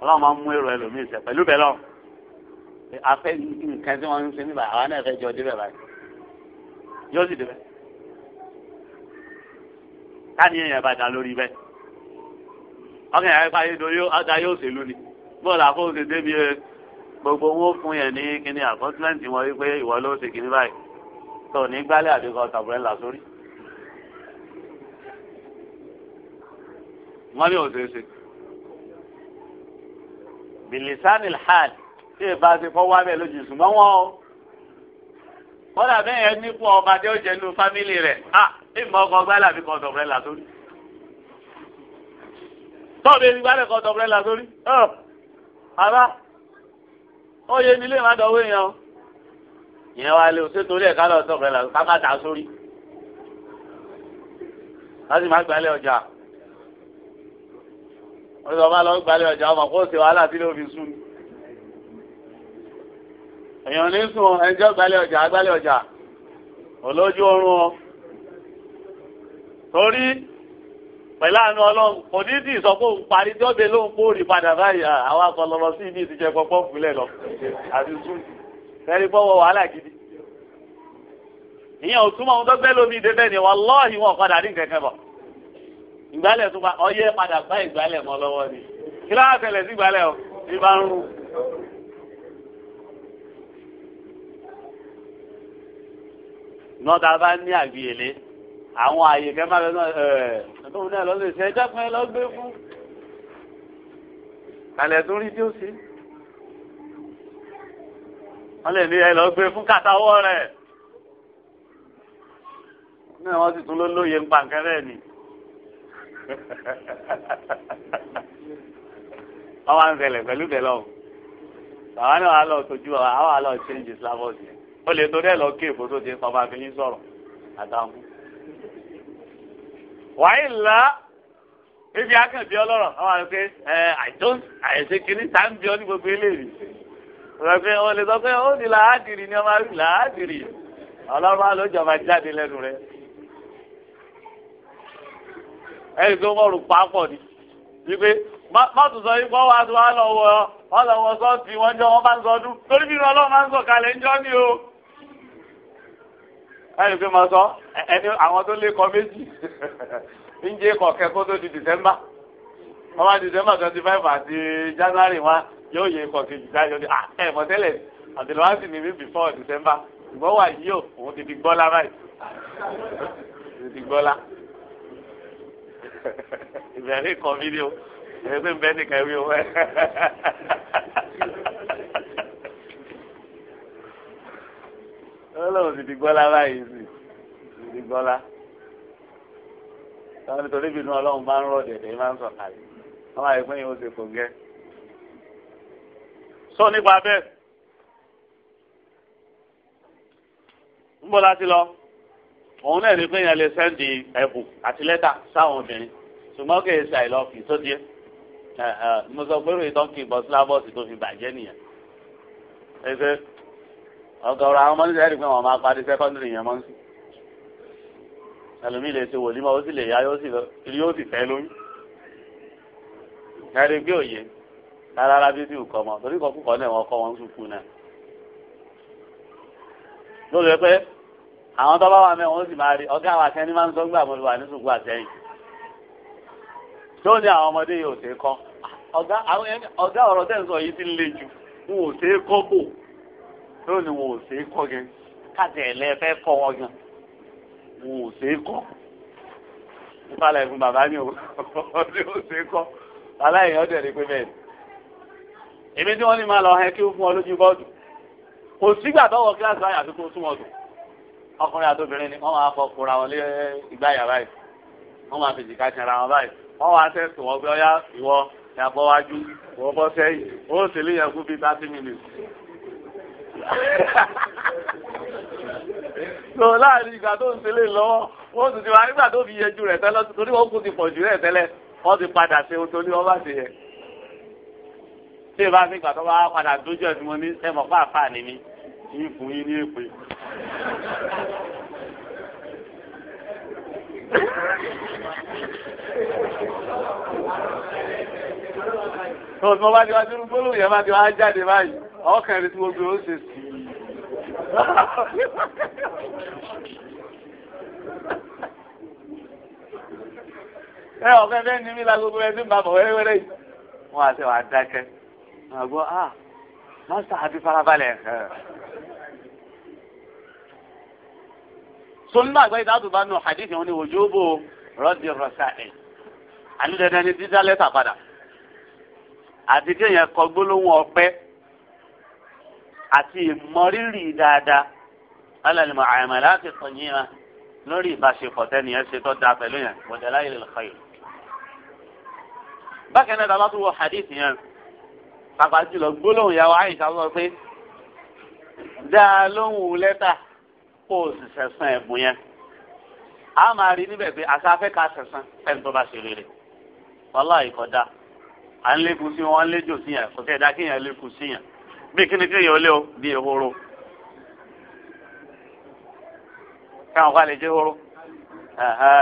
A: ọlọ́run máa ń mú èrò ẹlòmíì sẹ́ pẹ̀lú bẹ́ẹ̀ lọ́rùn afẹ́ nǹkan tí wọ́n ń ṣe níbà àwọn náà fẹ́ jọ débẹ̀ báyìí yóò sì débẹ̀ táni èèyàn bá lórí bẹ́ẹ̀ ọkàn yàrá ipa yìí dorí ọjà yóò ṣèlú ni bọ́ọ̀lù àfọwọ́ ṣe débi eh, gbogbo owó fún yẹn ní kíní àkọ́ńtìmẹ́ǹtì wọn wípé ìwọ ló ṣe kíní báyìí tó ní gbálẹ̀ àdékọ́ tàbúrẹ́là sórí. wọ́n ní òṣèṣe bilisanil hali tí ìbá ti fọ́ wá bẹ́ẹ̀ lójú ṣùgbọ́n wọn o kọ́dà bẹ́ẹ̀ yẹn nípò ọmọdé ó jẹ́ inú fámìlì rẹ̀ à ìmọ̀ ọkọ̀ gbálà fi kọ́ dọ̀bẹ́là sórí tọ́ọ̀bù ẹni gbálẹ̀ kọ́ dọ̀bẹ́là sórí ọ̀ bàbá ó yẹ nílé má dọ̀wọ́ èèyàn o ìyẹn wá lé o torí ẹ̀ ká lọ dọ̀bẹ́là ká má dà sórí láti má gbálẹ̀ ọjà ó sọ ma lọ gbálẹ̀ ọjà ọmọ kó o ṣe wàhálà sílé òfin sùn ni. èyàn ní ẹjọ́ gbálẹ̀ ọjà agbálẹ̀ ọjà olójú oorun ọ torí pẹ̀lú àánú ọlọ́run kò ní tí ìsọ parí tí ó bẹ lóun kó rí padà báyìí àwọn akọlọlọ sí ibi ìtìjẹ pọpọ fúnlẹ̀ lọ àti wàhálà gidi ìyẹn ò túmọ̀ ohun tó lómi débẹ̀ ni wọn padà ní kẹ̀kẹ́ bọ̀ ìgbálẹ̀ tó ni ìmọ̀ bá ní àgbìyèlé àwọn àyè kẹ́ máa bẹ náà náà lọ́lẹ̀ ṣe ẹjọ́ pé gbé fún. kàlẹ̀ tún rí tí ó sí. wọ́n lè ní ẹ lọ gbé fún kàtàwọ́ rẹ̀. náà wọ́n sì tún ló lóye ń nǹkan bẹ́ẹ̀ ni. wọ́n wá ń ṣẹlẹ̀ pẹ̀lú bẹ̀ bàbá náà wà á lọ àwọn àlọ́ change slavos yẹn ó lè torí ẹ̀ lọ kí èbó tó ti ń sọmọ àfihàn sọ̀rọ̀ àtàwọn. wàá ìlà ibi akẹ́bí ọlọ́rọ̀ àwọn àti pé àìtọ́n àìsè kìíní tá ń bí ọ ní gbogbo eléyìí. rẹ̀ pé ó lè sọ pé ó ní làádìrì ni ọmọ àrí làádìrì ọlọ́run ló jọba jáde lẹ́nu rẹ̀. ẹ̀rí tó mọ̀rù pápọ̀ ni wípé má sọ yín kọ́ wá tó wá lọ́wọ́ ọlọ́wọ́ sọ́ọ̀tì wọ́n jọ wọ́n bá ń sọdún torí bí ọlọ́run máa ń sọ̀kalẹ̀ ń jọ́ ni o láyé pé mo sọ ẹni àwọn tó lé kọ méjì ń jẹ́ kọ̀kẹ́ kó tó di december wọ́n december twenty five àti january wọn yóò yẹ kọ̀kejì dájọ́ ni ẹ̀ mọ̀tẹ́lẹ̀ àtẹ̀lẹ́wá sì ní mi before december ìgbọ́ wà yí o òun ti di gbọ́lá báyìí ti di gbọ́lá ìbẹ̀rẹ̀ kan fídíò ẹgbẹ́ ń bẹ́ nìkan wí o ọlọ́run ti di gbọ́lá báyìí sí ti di gbọ́lá táwọn nítorí ìbínú ọlọ́run bá ń rọ̀ dẹ̀dẹ̀ máa ń sọ kàlẹ́ wọ́n máa yẹ pé yóò ṣe kò gẹ́. sọ nípa bẹ́ẹ̀ ń bọ́ láti lọ òun náà ní pé yẹn lè sẹ́ndì ẹ̀bùn àti lẹ́tà sáwọn obìnrin ṣùgbọ́n kì í ṣe àìlọ́ọ̀fì tó díẹ̀ mo sọ pé ìtọ́kì bọ́sílábọ́ọ̀sì tó fi bàjẹ́ nìyẹn ọ̀gọ̀rọ̀ àwọn mọ́nísà ẹ̀rí pé wọ́n máa parí sẹ́kọ́ndìrì yẹn mọ́nísì ẹlòmíì lè ṣe wòlímọ̀ ó sì lè yá yóò sì fẹ́ lóyún ẹ̀rí pé òye rárá bí bíi kọ́ mọ́ torí kọ́ púpọ̀ náà wọ́n kọ́ wọn sùkú náà lórí pé àwọn tó bá wà mẹ́wọ̀n ó sì máa rí ọ̀gá àwọn akẹ́ni máa ń sọ gbà mọ́lúwà ní sùkú àtẹ́yìn tó ní àwọn ọmọdé yìí ò ṣe kọ́ ọ̀gá ọ̀rọ̀ tẹ̀ yìí ti le jù ń ò ṣe kọ́ bò yóò ní wọn ò ṣe é kọ́ gan káàtì ẹ̀lẹ́ fẹ́ kọ́ wọn gan wọn ò ṣe é kọ́ ìfàlẹ̀ fún bàbá mi ò ṣe é kọ́ bàbá yìí ọ̀dẹ̀ ni pé bẹ́ẹ̀ ni èmi tí wọ́n ní máa lọ hẹ́ kí ó fún ọ lójú bọ́ọ̀dù kò sígbà tọwọ́ kíláàsì báyà àti kó súnmọ́ ọdún ọkùnrin àti obìnrin ni wọ́n máa fọ kura wọn lé ìgbáyà báyìí wọ́n máa fèjì ká tiẹ̀ra wọn báyìí wọ́n wá tẹ̀sùn wọn bí ọyá ìwọ ìyàbọ̀ wájú ìwọ bọ́ sẹ́yìn ó sì léyìn ẹkú bíi thirty minutes lọ láàrin ìgbà tó ń sele lọ́wọ́ wọ́n sì ti wá nígbà tó fi yẹjú rẹ̀ tẹ́lẹ̀ torí wọ́n kò ti pọ̀ jù rẹ̀ tẹ́lẹ̀ wọ́n ti padà ṣe ohun tó ní wọ́n bá ṣe yẹ. bá tó bá padà dójú ẹ̀ mo ní fún mi ẹ ọ̀fẹ́ bẹ́ẹ̀ ni mí la gbogbo ẹ ti ń bá bọ̀ wẹ́rẹ́wẹ́rẹ́ yìí wọ́n àti wàá dákẹ́ wọ́n gbọ́ ah mọ́sítà àti farabalẹ̀ so nínú àgbáyé dáàbò bá nù hadith yẹn wọ́n ní ojú bò rọ́ọ̀dì rọ́ṣàlẹ̀ àti dandan ni dídá lẹ́tà padà àti kéèyàn kọ gbólóhùn ọpẹ́ àti ìmọrírì dáadáa alàlùmọ àyàmàlà àti sọnyìnà lórí ìbáṣepọ̀ tẹ́ni ẹ̀ ṣe tó da pẹ̀lú yẹn wọ̀dẹ̀ láyé lè lọ́kọ̀ yìí. bákan náà dábàá tó wọ hadith yẹn pàpà jùlọ gbólóhùn yà wá àyíṣà sọ pé dáa lóhùn lẹ́tà kó o sì sẹ̀sán ẹ̀bùn yẹn a máa rí níbẹ̀ pé àṣàfẹ́ ká sẹ̀sán ẹni tó bá ṣe rere wàláhì kódà à ń lékun sí wọn léjò síyàn kò tẹ̀ dá kéèyàn lékun síyàn bí kíni tí èèyàn lé o bí ehoro káwọn kọ́ àlejò ehoro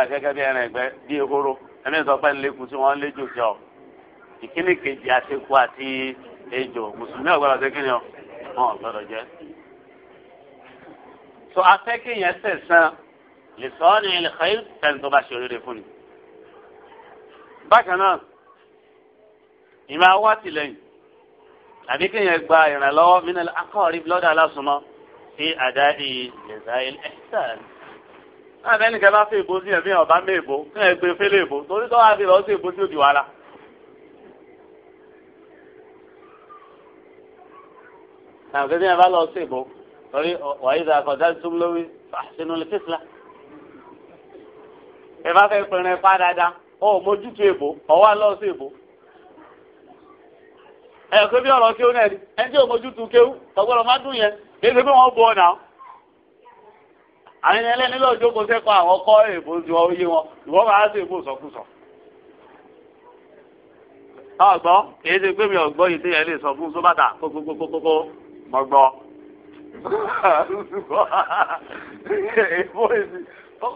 A: gẹ́gẹ́ bí ẹran ẹ̀gbẹ́ bí ehoro ẹni sọ pé ńlẹ́kùn tí wọ́n ń léjò jọ ìkíni kejì àtẹkù àti ejò mùsùlùmí ọ̀gbọ́dọ̀ jẹ́ kíni o wọn ọ̀gbọ́dọ̀ jẹ́. tó afẹ́kẹ́ yẹn sẹ̀sán lè sọ ọ́ ní ilẹ̀ xẹ́yìn fẹ́ni tó bá ṣe oríire fún ni. bákan náà ìmọ̀ àwa tìlẹ́yìn àbí kéèyàn gba ìrànlọ́wọ́ mínal akọ́ọ̀rí lọ́dọ̀ aláṣùmọ́ sí àdáyé ìjẹ̀sáyẹl ẹ̀sán. náà bẹ́ẹ̀ nìkan bá fi ìbò sí ẹ̀mí ọ̀bá mé ìbò kéèyàn gbé fẹ́lẹ̀ ìbò torí tó wà fi lọ sí ìbò tí ó di wàhálà. náà kéèyàn bá lọ sí ìbò torí wàyí ìdá àkọ́dá tó ń lówí sínú lè fífla. ẹ bá fẹ́ pẹ̀rẹ̀ pa dáadáa ó mójútó ìbò ọwọ́ lọ sí ìbò ẹ bí ọ̀rọ̀ kéwú náà rí ẹni tí kéwú ọgbọ́dọ̀ má dùn yẹn kí ẹsẹ̀ wọ́n bọ̀ ọ̀nà. àyìn ẹlẹ́ni lọ́ọ́ jókòó sẹ́kọ̀ọ́ àwọn kọ́ èbó ju oyé wọn ìwọ́n máa ń sèbó sọkúsọ. ọgbọ́n kì ṣe pé mi ọgbọ́n yìí téèyàn lè sọ fún sóbàtà kókókókókó mọ́gbọ́n.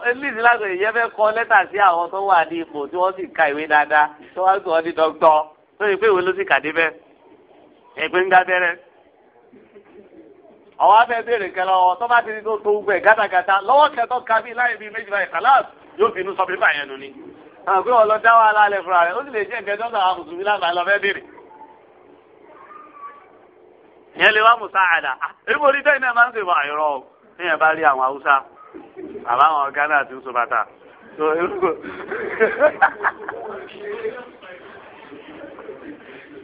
A: Elíìsì lágbo ìyẹn fẹ́ kọ lẹ́tà sí àwọn tó wà ní ipò tí wọ́n sì ka ìwé dáadáa tí wọ́n sì wọ́n ní dọ́kítọ́ tó yẹ pé ìwé ló sì kà débẹ̀ ẹgbẹ́ ń ga bẹ́rẹ̀ àwọn abẹ́ béèrè kẹlẹ́ ọ tó bá ti ní tó tó gbẹ gátagàta lọ́wọ́ kẹtọ́ kábí láì bíi méjì báyìí kàláàs yóò fi inú sọ pépà yẹn nù ni. àwọn pé ọlọ dá wàhálà alẹ fúnra rẹ ó sì lè jẹ nǹkan tó ń sàwọn mùsùlùmí lágbàá lọ fẹ́ béèrè. ìyẹn lè wá musa àdá èmi ò ní tẹ́yìn náà máa ń sèwọ̀ àìrọ̀ o níyẹn bá rí àwọn haúsá àbáwọn Ghana àti nsọ̀bàtà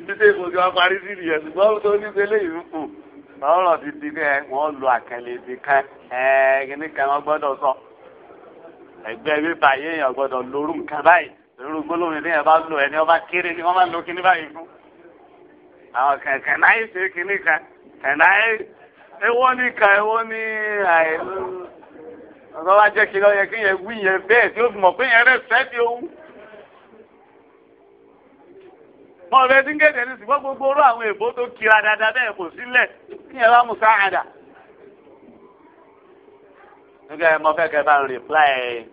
A: títí èkó tí wọ́n parí sí ìyẹn ṣùgbọ́n tó ní pélé yìí ń kù ọ̀rọ̀ ti di kẹ́ wọ́n lo àkànlè ti kan kíní kan wọ́n gbọ́dọ̀ sọ ẹgbẹ́ bíbá yéèyàn gbọ́dọ̀ lóru nǹkan báyìí lóru gbólóhùn ní ẹ̀ bá lo ẹni ọba kéré ni wọ́n máa ń lo kíní báyìí fún àwọn kẹ̀kẹ́ náà ṣe kíní kan kẹ̀nà ewó ní kan ewó ní àìlú ọ̀rọ̀ wa jẹ́ kí lọ́yẹ kí yẹn wí yẹn bẹ́ẹ̀ tí ó fi mọ̀ pé yẹn rẹ̀ fẹ́ di ohun wọn ò fẹ́ sí kéde ní ṣùgbọ́n gbogbo orú àwọn èbó tó kira dáadáa bẹ́ẹ̀ kò sílẹ̀ kí ẹ bá mú sáàdà. nígbà yẹn mo fẹ́ kẹ́ bá ń rìpláì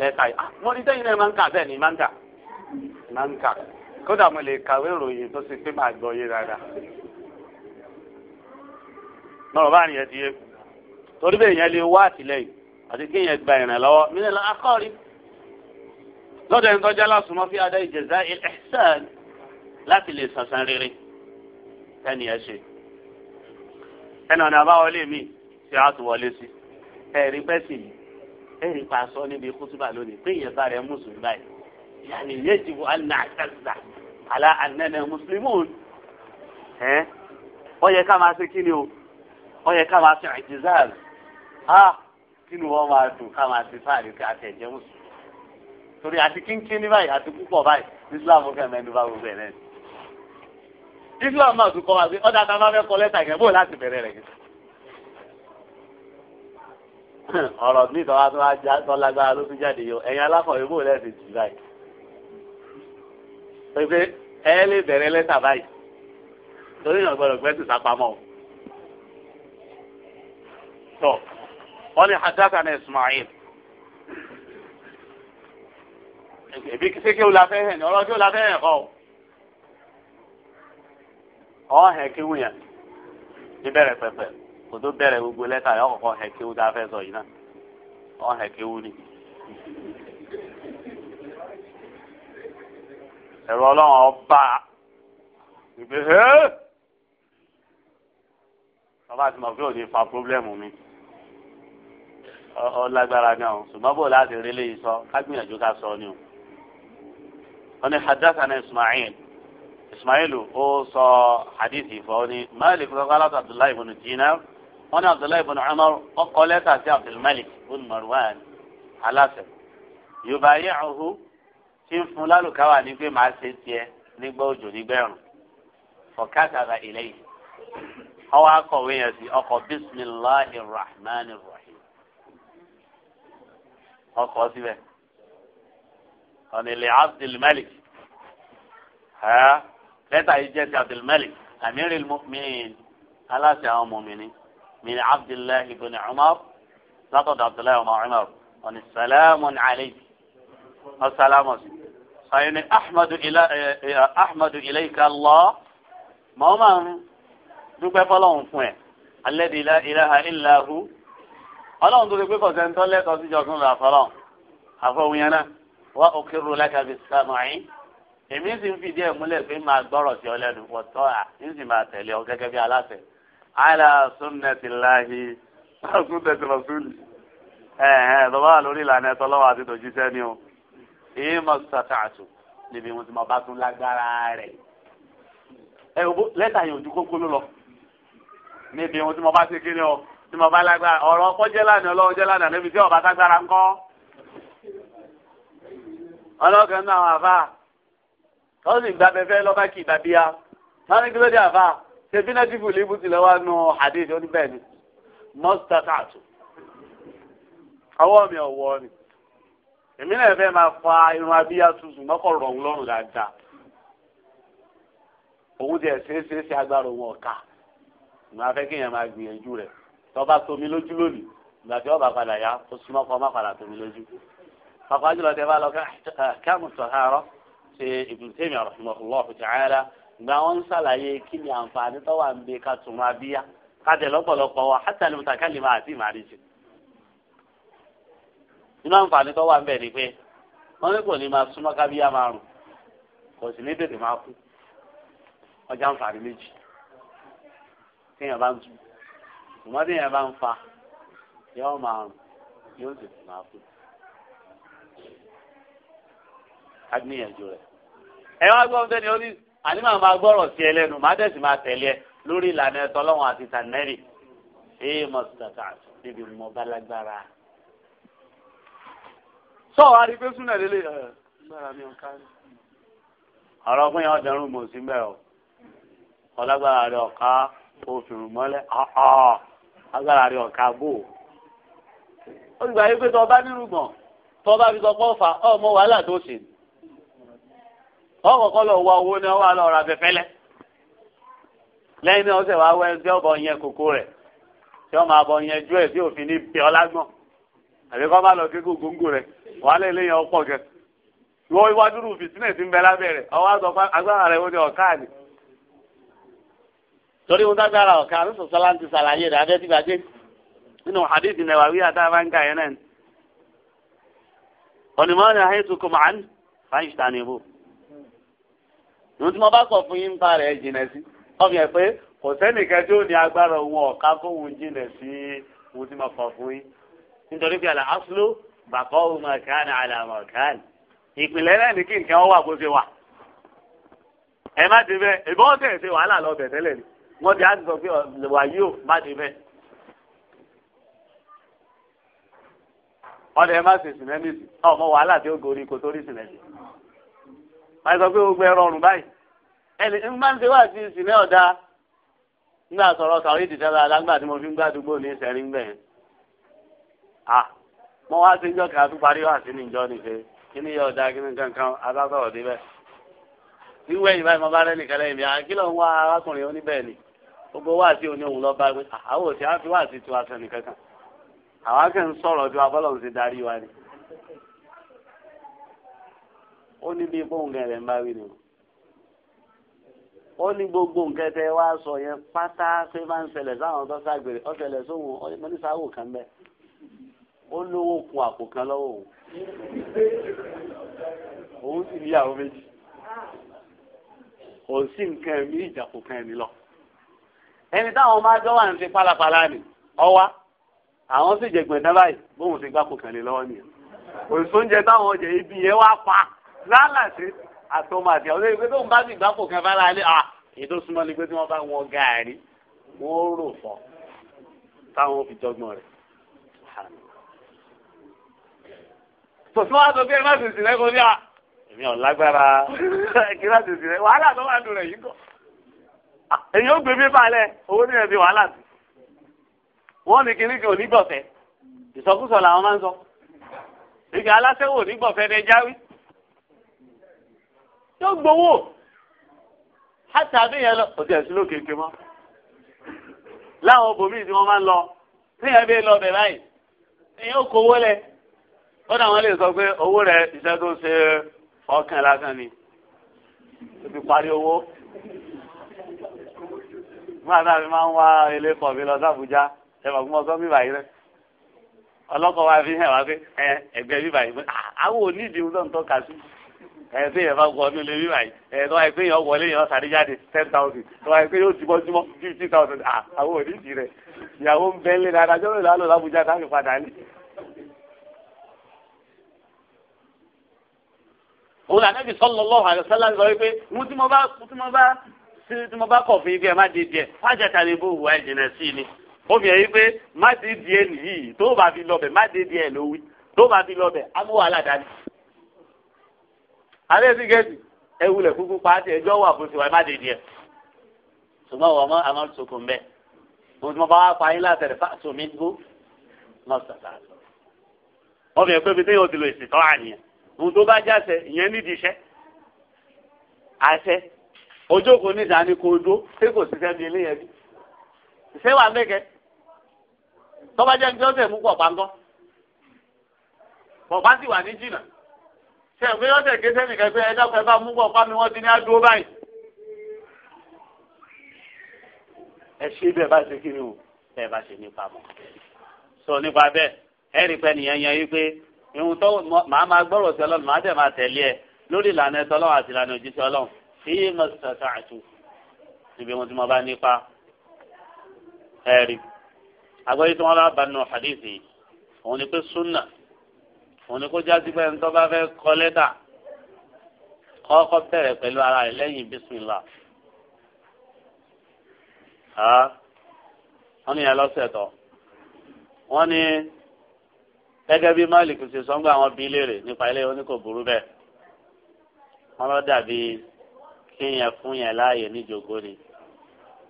A: lẹ́tà yìí ah, mo ní sẹ́yìn náà máa ń kà bẹ́ẹ̀ ni máa ń kà máa ń kà kódà mo lè kàwé ìròyìn tó ṣe pé máa gbọ́ yé dáadáa. lọ́rọ̀ bá nìyẹn ti yé torí bẹ́ẹ̀ yẹn lè wá àtìlẹ́yìn àti kéèyàn gba ìrànlọ́wọ́ mílẹ̀ lọ́dọ̀ ẹni tó jẹ́ lásùnmọ́ fi adá ìjẹ̀zá ìlẹ̀sán láti lè sàṣà rere ẹnì ẹ ṣe ẹnì ọ̀nà àbáwọlé mi ṣe á tún wọlé sí ẹ̀rí pẹ́sì yìí ẹ̀rí pa sọ níbi kútúbà lónìí pé ìyẹn bá rẹ̀ mùsùlùmí báyìí yàní yéjì wọ àná àtàzà àlà ànánà mùsùlùmí ẹ̀ ọ yẹ ká máa ṣe kí ni o ọ yẹ ká máa ṣe àìjíṣàl á kí ni wọ́n máa dùn ká máa ṣe fáàrí pé àtẹ̀jẹ́ mùsùlùmí torí àti kínkín ní báyìí àti púpọ̀ báyìí Islam kẹ́mẹ́ni bá gbogbo ẹ̀ lẹ́nu. Islam náà tún kọ́ wa sí ọ̀dà tá a bá fẹ́ kọ lẹ́tà yẹn bó láti bẹ̀rẹ̀ rẹ̀ yẹn. ọ̀rọ̀ mi tọ́ wa tó wá já tọ́ lágbára ló fi jáde yọ ẹ̀yin alákọ̀wé bó lẹ́sìn jù báyìí. pépé ẹ lè bẹ̀rẹ̀ lẹ́tà báyìí torí yàn gbọ́dọ̀ gbẹ́sì sápamọ́ tọ́ wọ́n ní hadaka ní Ismail. èbí kékeré la fẹ́ hẹ̀ ní ọlọ́dún la fẹ́ hẹ̀ kọ́ ọ̀hún hẹ̀ kíwù yẹn níbẹ̀rẹ̀ pẹ̀pẹ̀ kò tó bẹ̀rẹ̀ gbogbo lẹ́tà yọ kọ̀kọ́ hẹ̀ kíwù tá a sọ yìí náà ọ̀hún hẹ̀ kíwù ni. ẹ̀rọ ọlọ́run ọba ìgbé hẹ́ ọba àti mọ̀fẹ́ ò ní fa pírọ́blẹ́mù mi ọlágbára náà ṣùgbọ́n bò láti rí léyìí sọ ká gbìyànjú ká sọ ni o. wọ́n ní hadathana Ismail ismailu ó sọ hadithi fọ́ ni malik rọ́gálá tó abdullahi ibùn jina wọn ni abdullahi ibùn umar ọkọ lẹ́tà sí abdulmalik ibùn marwan aláṣẹ yorùbá yẹ ọ̀hún tí ń fún lálùkáwà ní pé màá ṣe tiẹ̀ nígbà òjò nígbà ẹ̀rùn fọkàtàrà ilé yìí ọwọ́ akọ̀wé yẹn sí ọkọ̀ bisimilahi rahman rahim ọkọ̀ síbẹ̀ ọ̀nìlẹ̀ abdulmalik lẹ́tà yìí jẹ́ sí abdulmalik amiril mu'minin aláṣẹ àwọn mọ̀mìnì min abdullahi ibn umar látọ̀dọ̀ abdullahi ibn umar ọ̀nì salamun alayhi ọ̀sálàmù sí. sọ̀yìn eh, eh, ahmadu ilayka allah mọ́ máa ń dúpẹ́ fọlọ́run fún ẹ̀ alladhi la ilaha illa hu ọlọ́run tó ti pé kọ̀sẹ̀ ń tọ́ lẹ́tọ̀ọ́ síjọ́ fún ràfọ́lọ́run àfọwùyẹn náà wà uqirru laka bis sam'i. èmi sì ń fìdí ẹ̀ múlẹ̀ pé máa gbọ́rọ̀ sí ọ lẹ́nu wọ́tọ́ à ń sì máa tẹ̀lé ọ gẹ́gẹ́ bí aláṣẹ. àìlà sunnati láhi sunnati rasuli ẹ̀ẹ́n tó bá wà lórí ìlànà ẹ̀tọ́ lọ́wọ́ àti tòjíṣẹ́ ni o. èyí mọ̀ sàtàtù níbi wọn ti mọ̀ bá tún lágbára rẹ̀. ẹ o bó lẹ́tà yẹn ojú kókó lọ. níbi wọn ti mọ̀ bá ṣe kí ni o ti mọ̀ bá lágbára ọ̀rọ̀ ọkọ jẹ́ tọ́wọ́ sì gba abẹ́fẹ́ lọ́ba kì í dàbí ya wọ́n ní kílódé àfa ṣe fínẹ́tìfù lébù ti lọ́wọ́ nù hadith oníbẹ̀ ni mọ́sítàtàtù ọwọ́ mi ọ̀wọ́ ni èmi náà fẹ́ máa fa irun abíyá tuntun mọ́kọ̀ rọ̀hún lọ́rùn dáadáa òun tiẹ̀ ṣe é ṣe é ṣe agbára òun ọ̀ka ìmọ̀ afẹ́ kéèyàn máa gbìyànjú rẹ̀ tọ́ba tómi lójú lónìí ìgbà tí ọba padà yá tó súnmọ́ kọ́ má padà tómi lójú pàpà jùlọ bá lọ kí àmùsọ̀ ṣe Ibn Taymiyyah rahimahullahu ta'ala gba wọn ṣàlàyé kí ni àǹfààní tó n’be ka bẹ ma tún ka bíyá ká lọ́pọ̀lọpọ̀ wa hátà ní mùtàkàlì máa àti ìmàríjì. nínú àǹfààní tó wà ń ni pé wọn ní méjì téèyàn bá ń tu bá ń fa máa rùn yóò sì máa agbìyànjú rẹ̀. ẹ wá gbọ́ fẹ́ni ó ní àní màá máa gbọ́rọ̀ sí ẹ lẹ́nu màá dẹ̀ sì máa tẹ̀lé ẹ lórí ìlànà ẹ̀tọ́ ọlọ́run àti tànẹ́rì èyí mọ̀ sàkà níbi mọ̀ balagbára. sọ wa rí pé súnà lélẹ̀ gbára mi ò kárí. ọ̀rọ̀ fún yẹn ọ̀dẹ̀rùn mò ń sí mbẹ́ o ọlágbára rẹ̀ ọ̀ká òfìrùn mọ́lẹ̀ ọ̀ọ́ agbára rẹ̀ ọ̀ká bò ó. ó ti gbà yí pé tọ́ ọba nírùgbọ̀n tọ́ ọba fi sọ pọ́ fà ọ́ mọ wàhálà tó ṣe ni. ọkọ̀ọ̀kọ́ lọ wá owó náà wà lọ́ọ́ ra fẹ́fẹ́lẹ́ lẹ́yìn náà ó wá wẹ́ tí ọ lágbọ̀n àbí kọ́ má lọ kí gògóńgò rẹ̀ wàá lè léyìn fìtínẹ̀ ọwọ́ agbára rẹ̀ ó ní ọ̀ká ni torí wọn dágbára ọ̀ká ní sọ̀sọ́lá ti ṣàlàyé rẹ̀ adé ti náà ní tí mo bá kọ̀ fún yín ń pa rẹ̀ jìnà sí ọmọ yẹn pé kò sẹ́nìkan tí ó ní agbára òun ọ̀ka fóun jìnà sí ohun tí mo kọ̀ fún yín nítorí pé àlà áṣúlò bàkọ́ ọmọ kan àlà kan ìpìlẹ̀ náà ní kí nǹkan wà bó ṣe wà ẹ má ti bẹ́ẹ̀ ìbọn ọ̀tẹ̀ ṣe wàhálà lọ bẹ̀ tẹ́lẹ̀ ni wọ́n ti á ti sọ pé wà yóò má ti bẹ́ẹ̀. ọ̀dẹ̀ má ṣe sìnẹ́mìsì ọmọ wàhálà tí ó gorí kò tó rí sìnẹ́mìsì máa sọ pé gbogbo ẹ̀rọ ọ̀rùn báyìí ẹni ń máa ń ṣe wá sí ìsìn náà dáa nígbà sọ̀rọ̀ sàrí ìdìtẹ́lá alágbà tí mo fi ń gbàdúgbò ní ìsẹ̀rí ń bẹ̀yẹn. à mo wá sí ìjọ kàá tún parí wá sí níjọ nìṣe kí ni yóò dáa kí ni kankan abásọ̀rọ̀ débẹ̀. wíwẹ́ yìí báyìí mo bá rẹ́ nìkan lẹ́yìn mi àkí ló ń wá arákùnrin oníbẹ̀ ni gbogbo wá sí òní òun lọ bá gbé àwọn òsì á fi wá sí tiwa sẹ́nìkankan àwọn akẹ́ ń sọ̀rọ̀ tiwa bọ́lọ̀ ń ṣe darí wa ni ó ní bí ipò nǹkan rẹ̀ ń bá wí ni ó ní gbogbo nǹkan tẹ wá sọ yẹn pátá pé máa ń ṣẹlẹ̀ sáwọn tó ságbèrè ó sóhun ó ní sáwò kan bẹ́ẹ̀ ó lówó kun àpò kan lọ́wọ́ òun
B: òun sì níyàwó
A: méjì kò sí nǹkan mi ìjàpò kan ẹni lọ ẹni táwọn máa jọ wà ń ṣe pálapàla ni ọwá àwọn sì jẹgbẹ̀dá báyìí bóun ti gbàpò kan lè lọ́wọ́ nìyẹn òṣìṣẹ́ oúnjẹ táwọn ọjà ibi yẹn wá pa lálàsí àtọmọ àti àwọn ẹgbẹ́ tó ń bá dìgbà kò kẹfà láàlẹ à èyí tó súnmọ́ ni pé tí wọn bá wọn gàárì wọn rò fọ táwọn fi jọgbọ́n rẹ̀ tòsán wa sọ pé ẹ má sì sílẹ̀ kó ní à èmi ò lágbára kí má sì sílẹ̀ wàhálà tó wà nù rẹ̀ yìí kọ èyí ó gbé mi balẹ̀ owó ní ẹbí wàhálà sí wọn ní kíní kí onígbọ̀fẹ́ ìsọkúsọ làwọn máa ń sọ ìgbà aláṣẹwò onígbọ̀fẹ́ ní ẹjáwí yóò gbowó hátà bí yẹn lọ òtí ẹ̀sìn ló kéèké mọ́ láwọn obìnrin tí wọ́n máa ń lọ tí yẹn bí lọ bẹ̀ báyìí èyàn kò owó lẹ̀ ó dà wọ́n lè sọ pé owó rẹ̀ iṣẹ́ tó ṣe ọkàn lásán ni ó ti parí owó máa náà fi máa ń wá ilé kọ̀ mi lọ sí Àbújá ẹ bàbá mọ́ sọ́mí báyìí rẹ̀ ọlọ́kọ̀ wa fi hàn wá pé ẹgbẹ́ bíbáyìí àwọn onídìí ń tọ́ ń tọ́ka sí ẹ ṣe yẹn bá wọlé lè rí báyìí ẹ wáyé pé yẹn wọlé yẹn sáré jáde ten thousand wáyé pé yóò jùmọ̀ jùmọ̀ fifty thousand à àwọn onídìí rẹ̀ ìyàwó ń bẹ́ńlẹ̀ dáadáa jọ́wọ́ ìlú àlọ́ làbújá táàbì padà ní. òun là nẹ́bi sọ́lọ́ lọ́wọ́ àlùsálà ń sọ wípé mo tí mo bá fún ibi ẹ̀ má di díẹ̀ fájàtà ni bó wù ẹ́ jìnà sí ni ó fi hàn yí pé má di díẹ̀ nìyí tó bá fi lọ bẹ̀ má di díẹ̀ lówí tó bá fi lọ bẹ̀ á dání alẹ́ ti gẹ̀ẹ́sì ẹ wulẹ̀ kúkú pàtì ẹjọ́ wà fún tiwa ẹ má dé díẹ̀ ṣùgbọ́n wọ́n mọ àwọn sokùn bẹ́ẹ̀ mo ti mọ bá wà pa yín láti rẹ̀ fáṣọ mi gbó náà sàtà wọ́n fi ẹ̀ pé bí téèyàn ti lo ìsìtọ́ àníyàn ohun tó bá jáṣẹ ìyẹn nídìí iṣẹ́ àṣẹ ojókòó níta ni kò dó ṣé kò sí sẹ́mi eléyẹn bí ṣé wà mẹ́kẹ́ tọ́bajẹ́ ní tí wọ́n sẹ̀ mú pọ̀ pàǹkọ́ pọ̀ wà ní jìnnà ṣe ìwé ọ̀sẹ̀ ké sẹ́nìkan pé ẹjọ́ pẹ́ bá mú bọ̀ fámi wọ́n ti ní àdúró báyìí. ẹ ṣe bẹ́ẹ̀ bá ṣe kiri o bẹ́ẹ̀ bá ṣe nípa mọ́. sọ nípa bẹ́ẹ̀ ẹ rí pẹ́ nìyẹn yẹn yí pé ìhun tó màá máa gbọ́rọ̀ sí ọlọ́run màá dẹ̀ máa tẹ̀lé ẹ lórí ìlànà ẹ̀tọ́ ọlọ́run àti ìlànà òjíṣẹ́ ọlọ́run èyí mọ̀ sàtà àtù níbi wọn tí mo bá nípa ẹ rí. àgbẹ̀yìí tí wọ́n bá bá nù hadisi òun ni pé sunnah òun ni kó jásí pé ẹni tó bá fẹ́ kọ lẹ́tà kọ́kọ́ bẹ̀rẹ̀ pẹ̀lú ara rẹ̀ lẹ́yìn bísímìlà wọ́n ní yẹn lọ́sẹ̀ tọ́ wọ́n ní gẹ́gẹ́ bí Malik ṣe sọ́ngbà àwọn bí léèrè nípa ilé wọn ní kò burú bẹ́ẹ̀ wọ́n lọ dàbí kí yẹn fún yẹn láàyè níjogó ni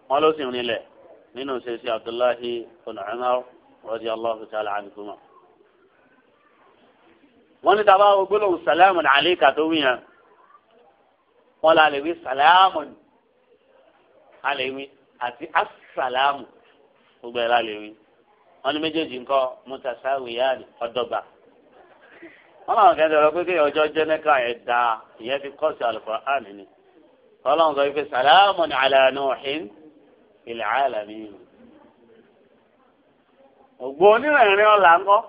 A: wọ́n ló sì ń rinlẹ̀ nínú ṣe sí Abdullahi ibn Umar radiyallahu ta'ala anhuma wọ́n ní tàbá gbólóhùn sàlámù àlékà tó wíyàn wọ́n la lè wí sàlámù àlèwí àti asàlámù gbogbo ẹ̀ la lè wí wọ́n ní méjèèjì ńkọ́ mutasawiyan ọ̀dọ́gba wọ́n làwọn kẹ́ńtẹ́ lọ pé kí ọjọ́ jẹ́nẹ́ká ẹ̀ da ìyẹn fi kọ́ sí Al-Qur'an ni wọ́n làwọn sọ wípé sàlámù ala Nuhin fil alamin ògbó onírẹ̀rìn ọ̀là ńkọ́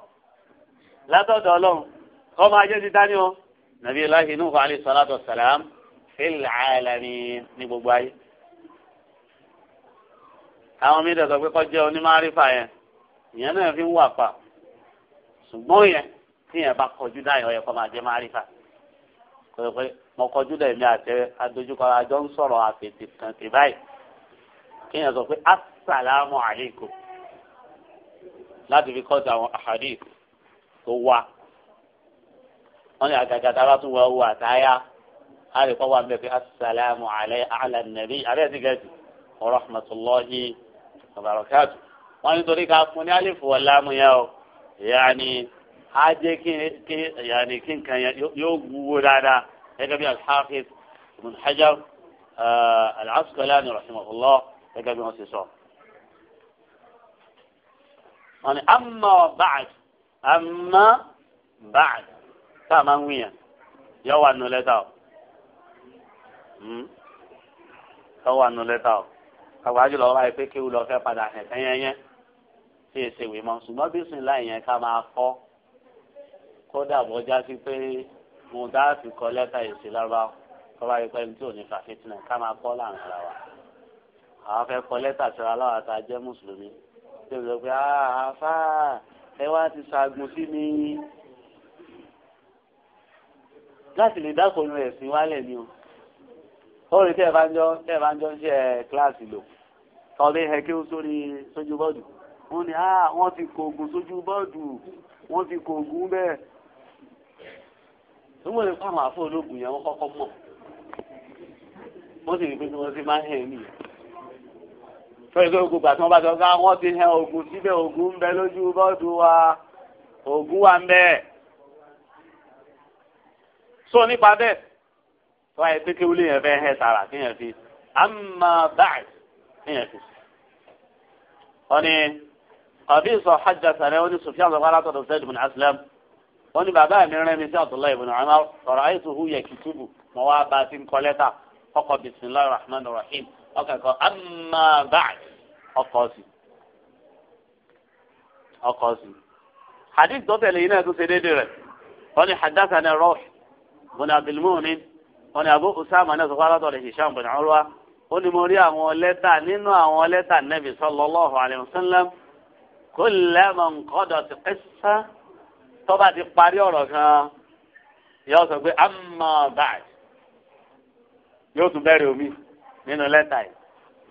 A: látọ̀dọ̀ ọlọ́run kọ́ máa jẹ́ ti dání o nàbí aláhi nuhu alayhi salatu wa salam fil alamin ní gbogbo ayé. àwọn mi dẹ̀ sọ pé kọ́ jẹ́ onímọ̀-àrífà yẹn ìyẹn náà fi ń wà pa ṣùgbọ́n yẹn tí yẹn bá kọjú náà yẹn ọ̀yẹ́ kọ́ máa jẹ́ márífà pé mo kọjú dẹ̀ mi àtẹ adójúkọ àjọ ń sọ̀rọ̀ àfètè kan tè báyìí kí yẹn sọ pé asàlámù alaykum láti fi kọ́ sí àwọn àhàdì tó wá wọn ní àgàgà tá a bá tún wọ owó àtàyà a lè kọ́ wa ń bẹ pé asalaamu alẹ́ ala nàbí abẹ́ ti gẹ̀ẹ́sì wa rahmatulahi wa barakatu wọn ní torí ká fún ní alifu wa láàmú yẹn o yaani a jẹ́ kí yaani kí nǹkan yẹn yóò wúwo dáadáa gẹ́gẹ́ bí alḥafiz ibn hajar eh, al-asqalani rahimahullah bí wọ́n ti sọ. wọn ní amma ba'd amma ba'd tá a máa ń wíyàn yọ wà nù lẹ́tà o hmm? yọ wà nù lẹ́tà o àgbájú lọ́wọ́ báyìí kéwù lọ fẹ́ padà hẹ̀ kẹ́yẹ́yẹ́ tí èsì ìwé mọ́ ṣùgbọ́n bí sùn láì yẹn ká máa kọ́ kódà bọ́ já sí pé mo dá fi kọ́ lẹ́tà èsì lọ́wọ́ kọ́ba yìí pẹ́ẹ́ni tí ò ní fà fitinẹ̀ ká máa kọ́ láàrin ara wa àwọn fẹ́ kọ́ lẹ́tà síra láwọn àti ajẹ́ mùsùlùmí tí ó lọ pé àáfàá ẹ wá ti ṣaagun sí mi láti lè dákòónú ẹ̀sìn wálẹ̀ ni o ó rí tẹ́ẹ̀ bá ń jọ tẹ́ẹ̀ bá ń jọ ṣe kíláàsì lò ọ̀bẹ hẹ kí ó sórí sójú bọ́ọ̀dù wọ́n ní ah wọ́n ti kó oògùn sójú bọ́ọ̀dù wọ́n ti kó oògùn bẹ́ẹ̀ tó wọ́n lè fún ológun yẹn wọ́n kọ́kọ́ mọ̀ wọ́n sì rí pé kí wọ́n ti máa ń hẹ̀ ní tọ́jú pé gbogbo àti bá sọ ká wọ́n ti hẹ oògùn síbẹ̀ oògùn ń bẹ lójú bọ́ọ̀dù wa oògùn wa ń bẹ́ẹ̀. sọ nípa bẹ́ẹ̀ tó ayé pé kéwìlì yẹn fẹ́ hẹ́ sára kéèyàn fi amma ba'd a fi. wọ́n ní ọ̀bí sọ hajj sàrẹ́ wọ́n ní sufyan lọ́wọ́ alátọ̀dọ̀ zayd ibn aslam wọ́n ní bàbá mi rẹ́ mi sí abdullahi ibn umar ọ̀rọ̀ ayé tó hu yẹ kìtìbù mọ́ wá bá a ti ń kọ́ lẹ́tà ọkọ̀ rahman rahim ọkọ̀ amma ba'd ọkọ̀ ọ̀sìn ọkọ̀ hadith tó tẹ̀lé yìí náà tó ṣe déédéé rẹ̀ wọ́n ní bọ́n abdulmọ́ni wọ́n ní abu usama náà sọ fún alátọ̀ rẹ̀ hisham bin urwa ó ní mo rí àwọn lẹ́tà nínú àwọn lẹ́tà nẹ́bí sallallahu alayhi wa sallam kullama nqadat qissa tọ́ba ti parí ọ̀rọ̀ kan yóò sọ pé amma ba'd yóò tún bẹ̀rẹ̀ omi nínú lẹ́tà yìí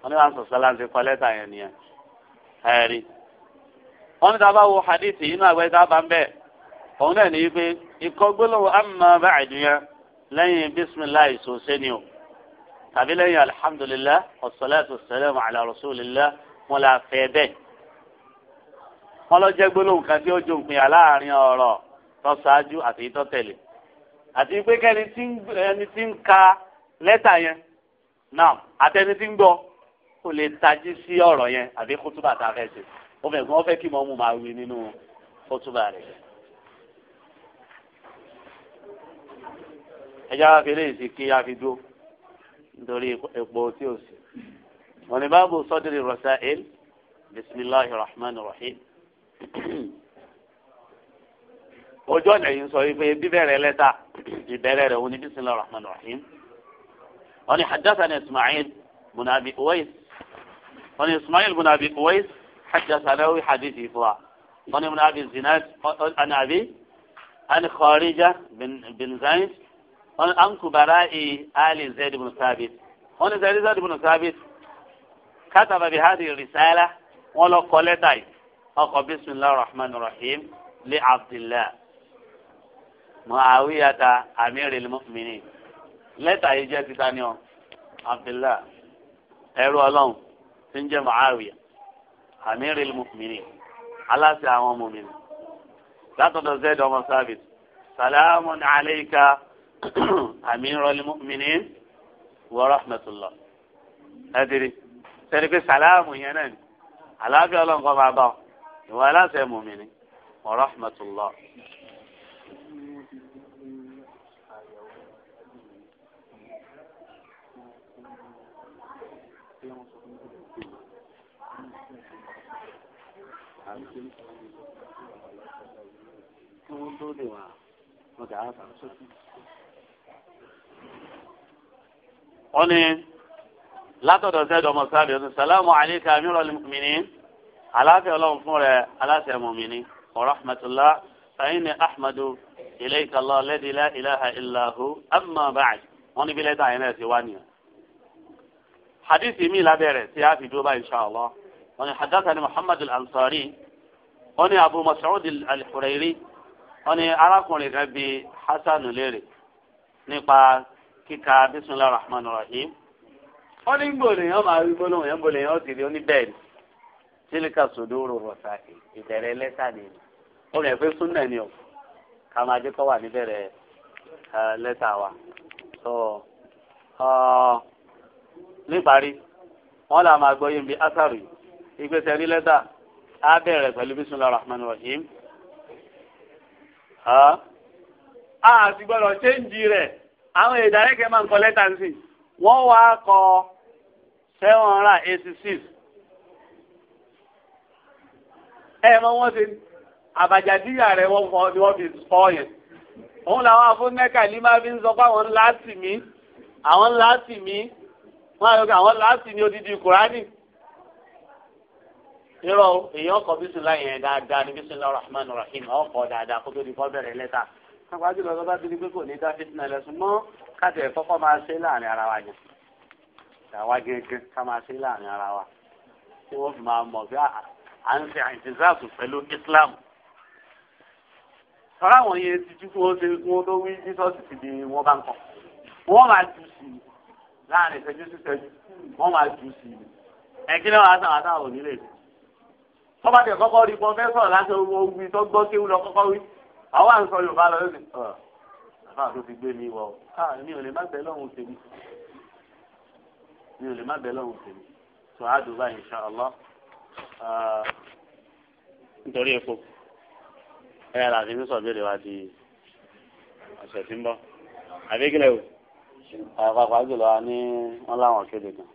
A: wọ́n ní wọ́n sọ sọ́lá ń ti kọ́ lẹ́tà yẹn nìyẹn ẹ̀rí wọ́n ní tá a bá wo hadith yìí náà àgbẹ̀ tá a bá ń bẹ̀ òun náà ní í pé ikọ̀ gbólóhùn amma ba'du yẹn lẹ́yìn bisimilayi sọ̀sẹ́ ni o tàbí lẹ́yìn alihamdulilah wasalaatu wasalaamu ala rasulillah wọn la fẹ́ bẹ́ẹ̀ wọn lọ jẹ́ gbólóhùn kan tí ó jò ń pin aláàárín ọ̀rọ̀ tó ṣáájú àti ìtọ́tẹ̀lé àti pé kẹ́ni tí ń ka lẹ́tà yẹn náà àtẹni tí ń gbọ́ kò lè tají sí ọ̀rọ̀ yẹn àbí kótóbà tá fẹ́ ṣe ó fẹ́ kí mọ́mú máa wí nínú kótóbà rẹ̀ ẹja wa fi eléyìí sí kí a fi dúró nítorí epo tí o sì. wọ́n ní báàbò rọ̀ṣà el bisimilahi rahman rahim. ojú ọ̀nà yìí ń sọ wípé bíbẹ̀rẹ̀ lẹ́tà ìbẹ̀rẹ̀ rẹ̀ wọ́n ní bisimilahi rahman rahim. wọ́n ní hajjata ni ismail munabi abi uwais. wọ́n ní ismail munabi abi hajjata ni wí hadithi fún wa. wọ́n ní munabi zinat zinad bi abi an kharija bin bin wọn ankubara i ali zayd ibn sabit wọn ni zayd zayd ibn sabit kataba bi hadi risala wọn lọ kọ lẹ́tà yìí ọkọ bisimilahi rahman rahim li abdillah muawiyata amiril mu'minin lẹ́tà yìí jẹ́ títa ni ọ abdillah ẹrú ọlọ́run tí ń jẹ́ muawiya amiril mu'minin aláṣẹ àwọn mu'minin látọ̀dọ̀ zayd ọmọ sabit salamun alayka. أمير المؤمنين ورحمة الله أدري سألك سلام ينان على قال قبع بعض ولا مؤمنين ورحمة الله Thank you. wọ́n ní látọ̀dọ̀ sẹ́dọ̀ ọmọ sábì ọ̀sẹ̀ sàlámù alayka amirul mu'minin aláfẹ́ ọlọ́run fún rẹ̀ aláṣẹ mọ̀mìnì wa rahmatullah fàyínì ahmadu ilayka Allah alladhi la ilaha illa hu amma ba'd wọ́n ní bí lẹ́tà yẹn náà ti wá nìyẹn. hadithi mi labẹ́rẹ̀ tí a fi dúró báyìí insha Allah wọ́n ní hadathani muhammad al-ansari wọ́n ní abu mas'ud al-hurayri wọ́n ní arákùnrin kan bíi hasan léèrè nípa kíka bisimilahi rahman rahim wọn ní gbòòlù yẹn máa wí gbólóhùn yẹn gbòòlù yẹn ó ti di oníbẹ́ẹ̀lì tílíkà sòdóró rọ̀tà ìbẹ̀rẹ̀ lẹ́tà ni ó rẹ̀ pé súnà ni o ká máa jẹ́ kọ́ wà níbẹ̀rẹ̀ lẹ́tà wa tó níparí wọn là máa gbọ́ yín bí asaru ìgbésẹ̀ ní lẹ́tà á bẹ̀rẹ̀ pẹ̀lú bisimilahi rahman rahim a ti gbọ́dọ̀ ṣéǹjì rẹ̀ àwọn ìdárẹ́kẹ́ máa ń kọ lẹ́tà sí wọ́n wá kọ seven hundred eighty six ẹ mọ wọn ti àbàjàdíyà rẹ wọn fọ ni wọn fi fọ yẹn òun làwọn afúnẹ́kà ní máa fi ń sọ pé àwọn ńlá sì mí àwọn ńlá sì mí wọn àyọkọ àwọn ńlá sì ní odidi kùránì irọ́ èèyàn kọ bísí láyẹn dáadáa ní bísí lọ́rọ̀ rahman rahim ọkọ̀ dáadáa kó tó di kọ́ bẹ̀rẹ̀ lẹ́tà nípa jùlọ tó bá délé pé kò ní dá fitna lẹ́sùn mọ́ káàtì ẹ̀ kọ́kọ́ máa ṣe láàrin ara wa yẹn àwa gẹ́gẹ́ ká máa ṣe láàrin ara wa tí wọ́n fi máa mọ̀ bí à ń ṣe àìsíṣàtù pẹ̀lú Islam sọ́ra àwọn yẹn ti jú kí wọ́n ṣe kí tó wí Jesus ti di wọ́n bá ń kọ́ wọ́n máa jù sí i láàrin ìṣẹ́jú sí ìṣẹ́jú wọ́n máa jù sí i ẹ̀kí náà wàá sàwọn àtàwọn onílé tọ́ba tẹ̀ kọ́kọ́ rí pọ́fẹ́sọ̀ láti owó wí tó gbọ́ lọ kọ́kọ́ wí àwọn àǹsọ yorùbá lọ lónìí ọ àfáà tó ti gbé mi wọ ọ ah, mi ò lè má bẹ lọ́hùn tèmi mi ò lè má bẹ lọ́hùn tèmi tó a dùn báyìí insha Allah ah, nítorí epo ẹ yàrá àti sísọ béèrè wa di ọ̀sẹ̀ tí ń bọ̀ àbíkílẹ̀ o àpapọ̀ àjùlọ wa ní wọ́n láwọn kéde
B: kan.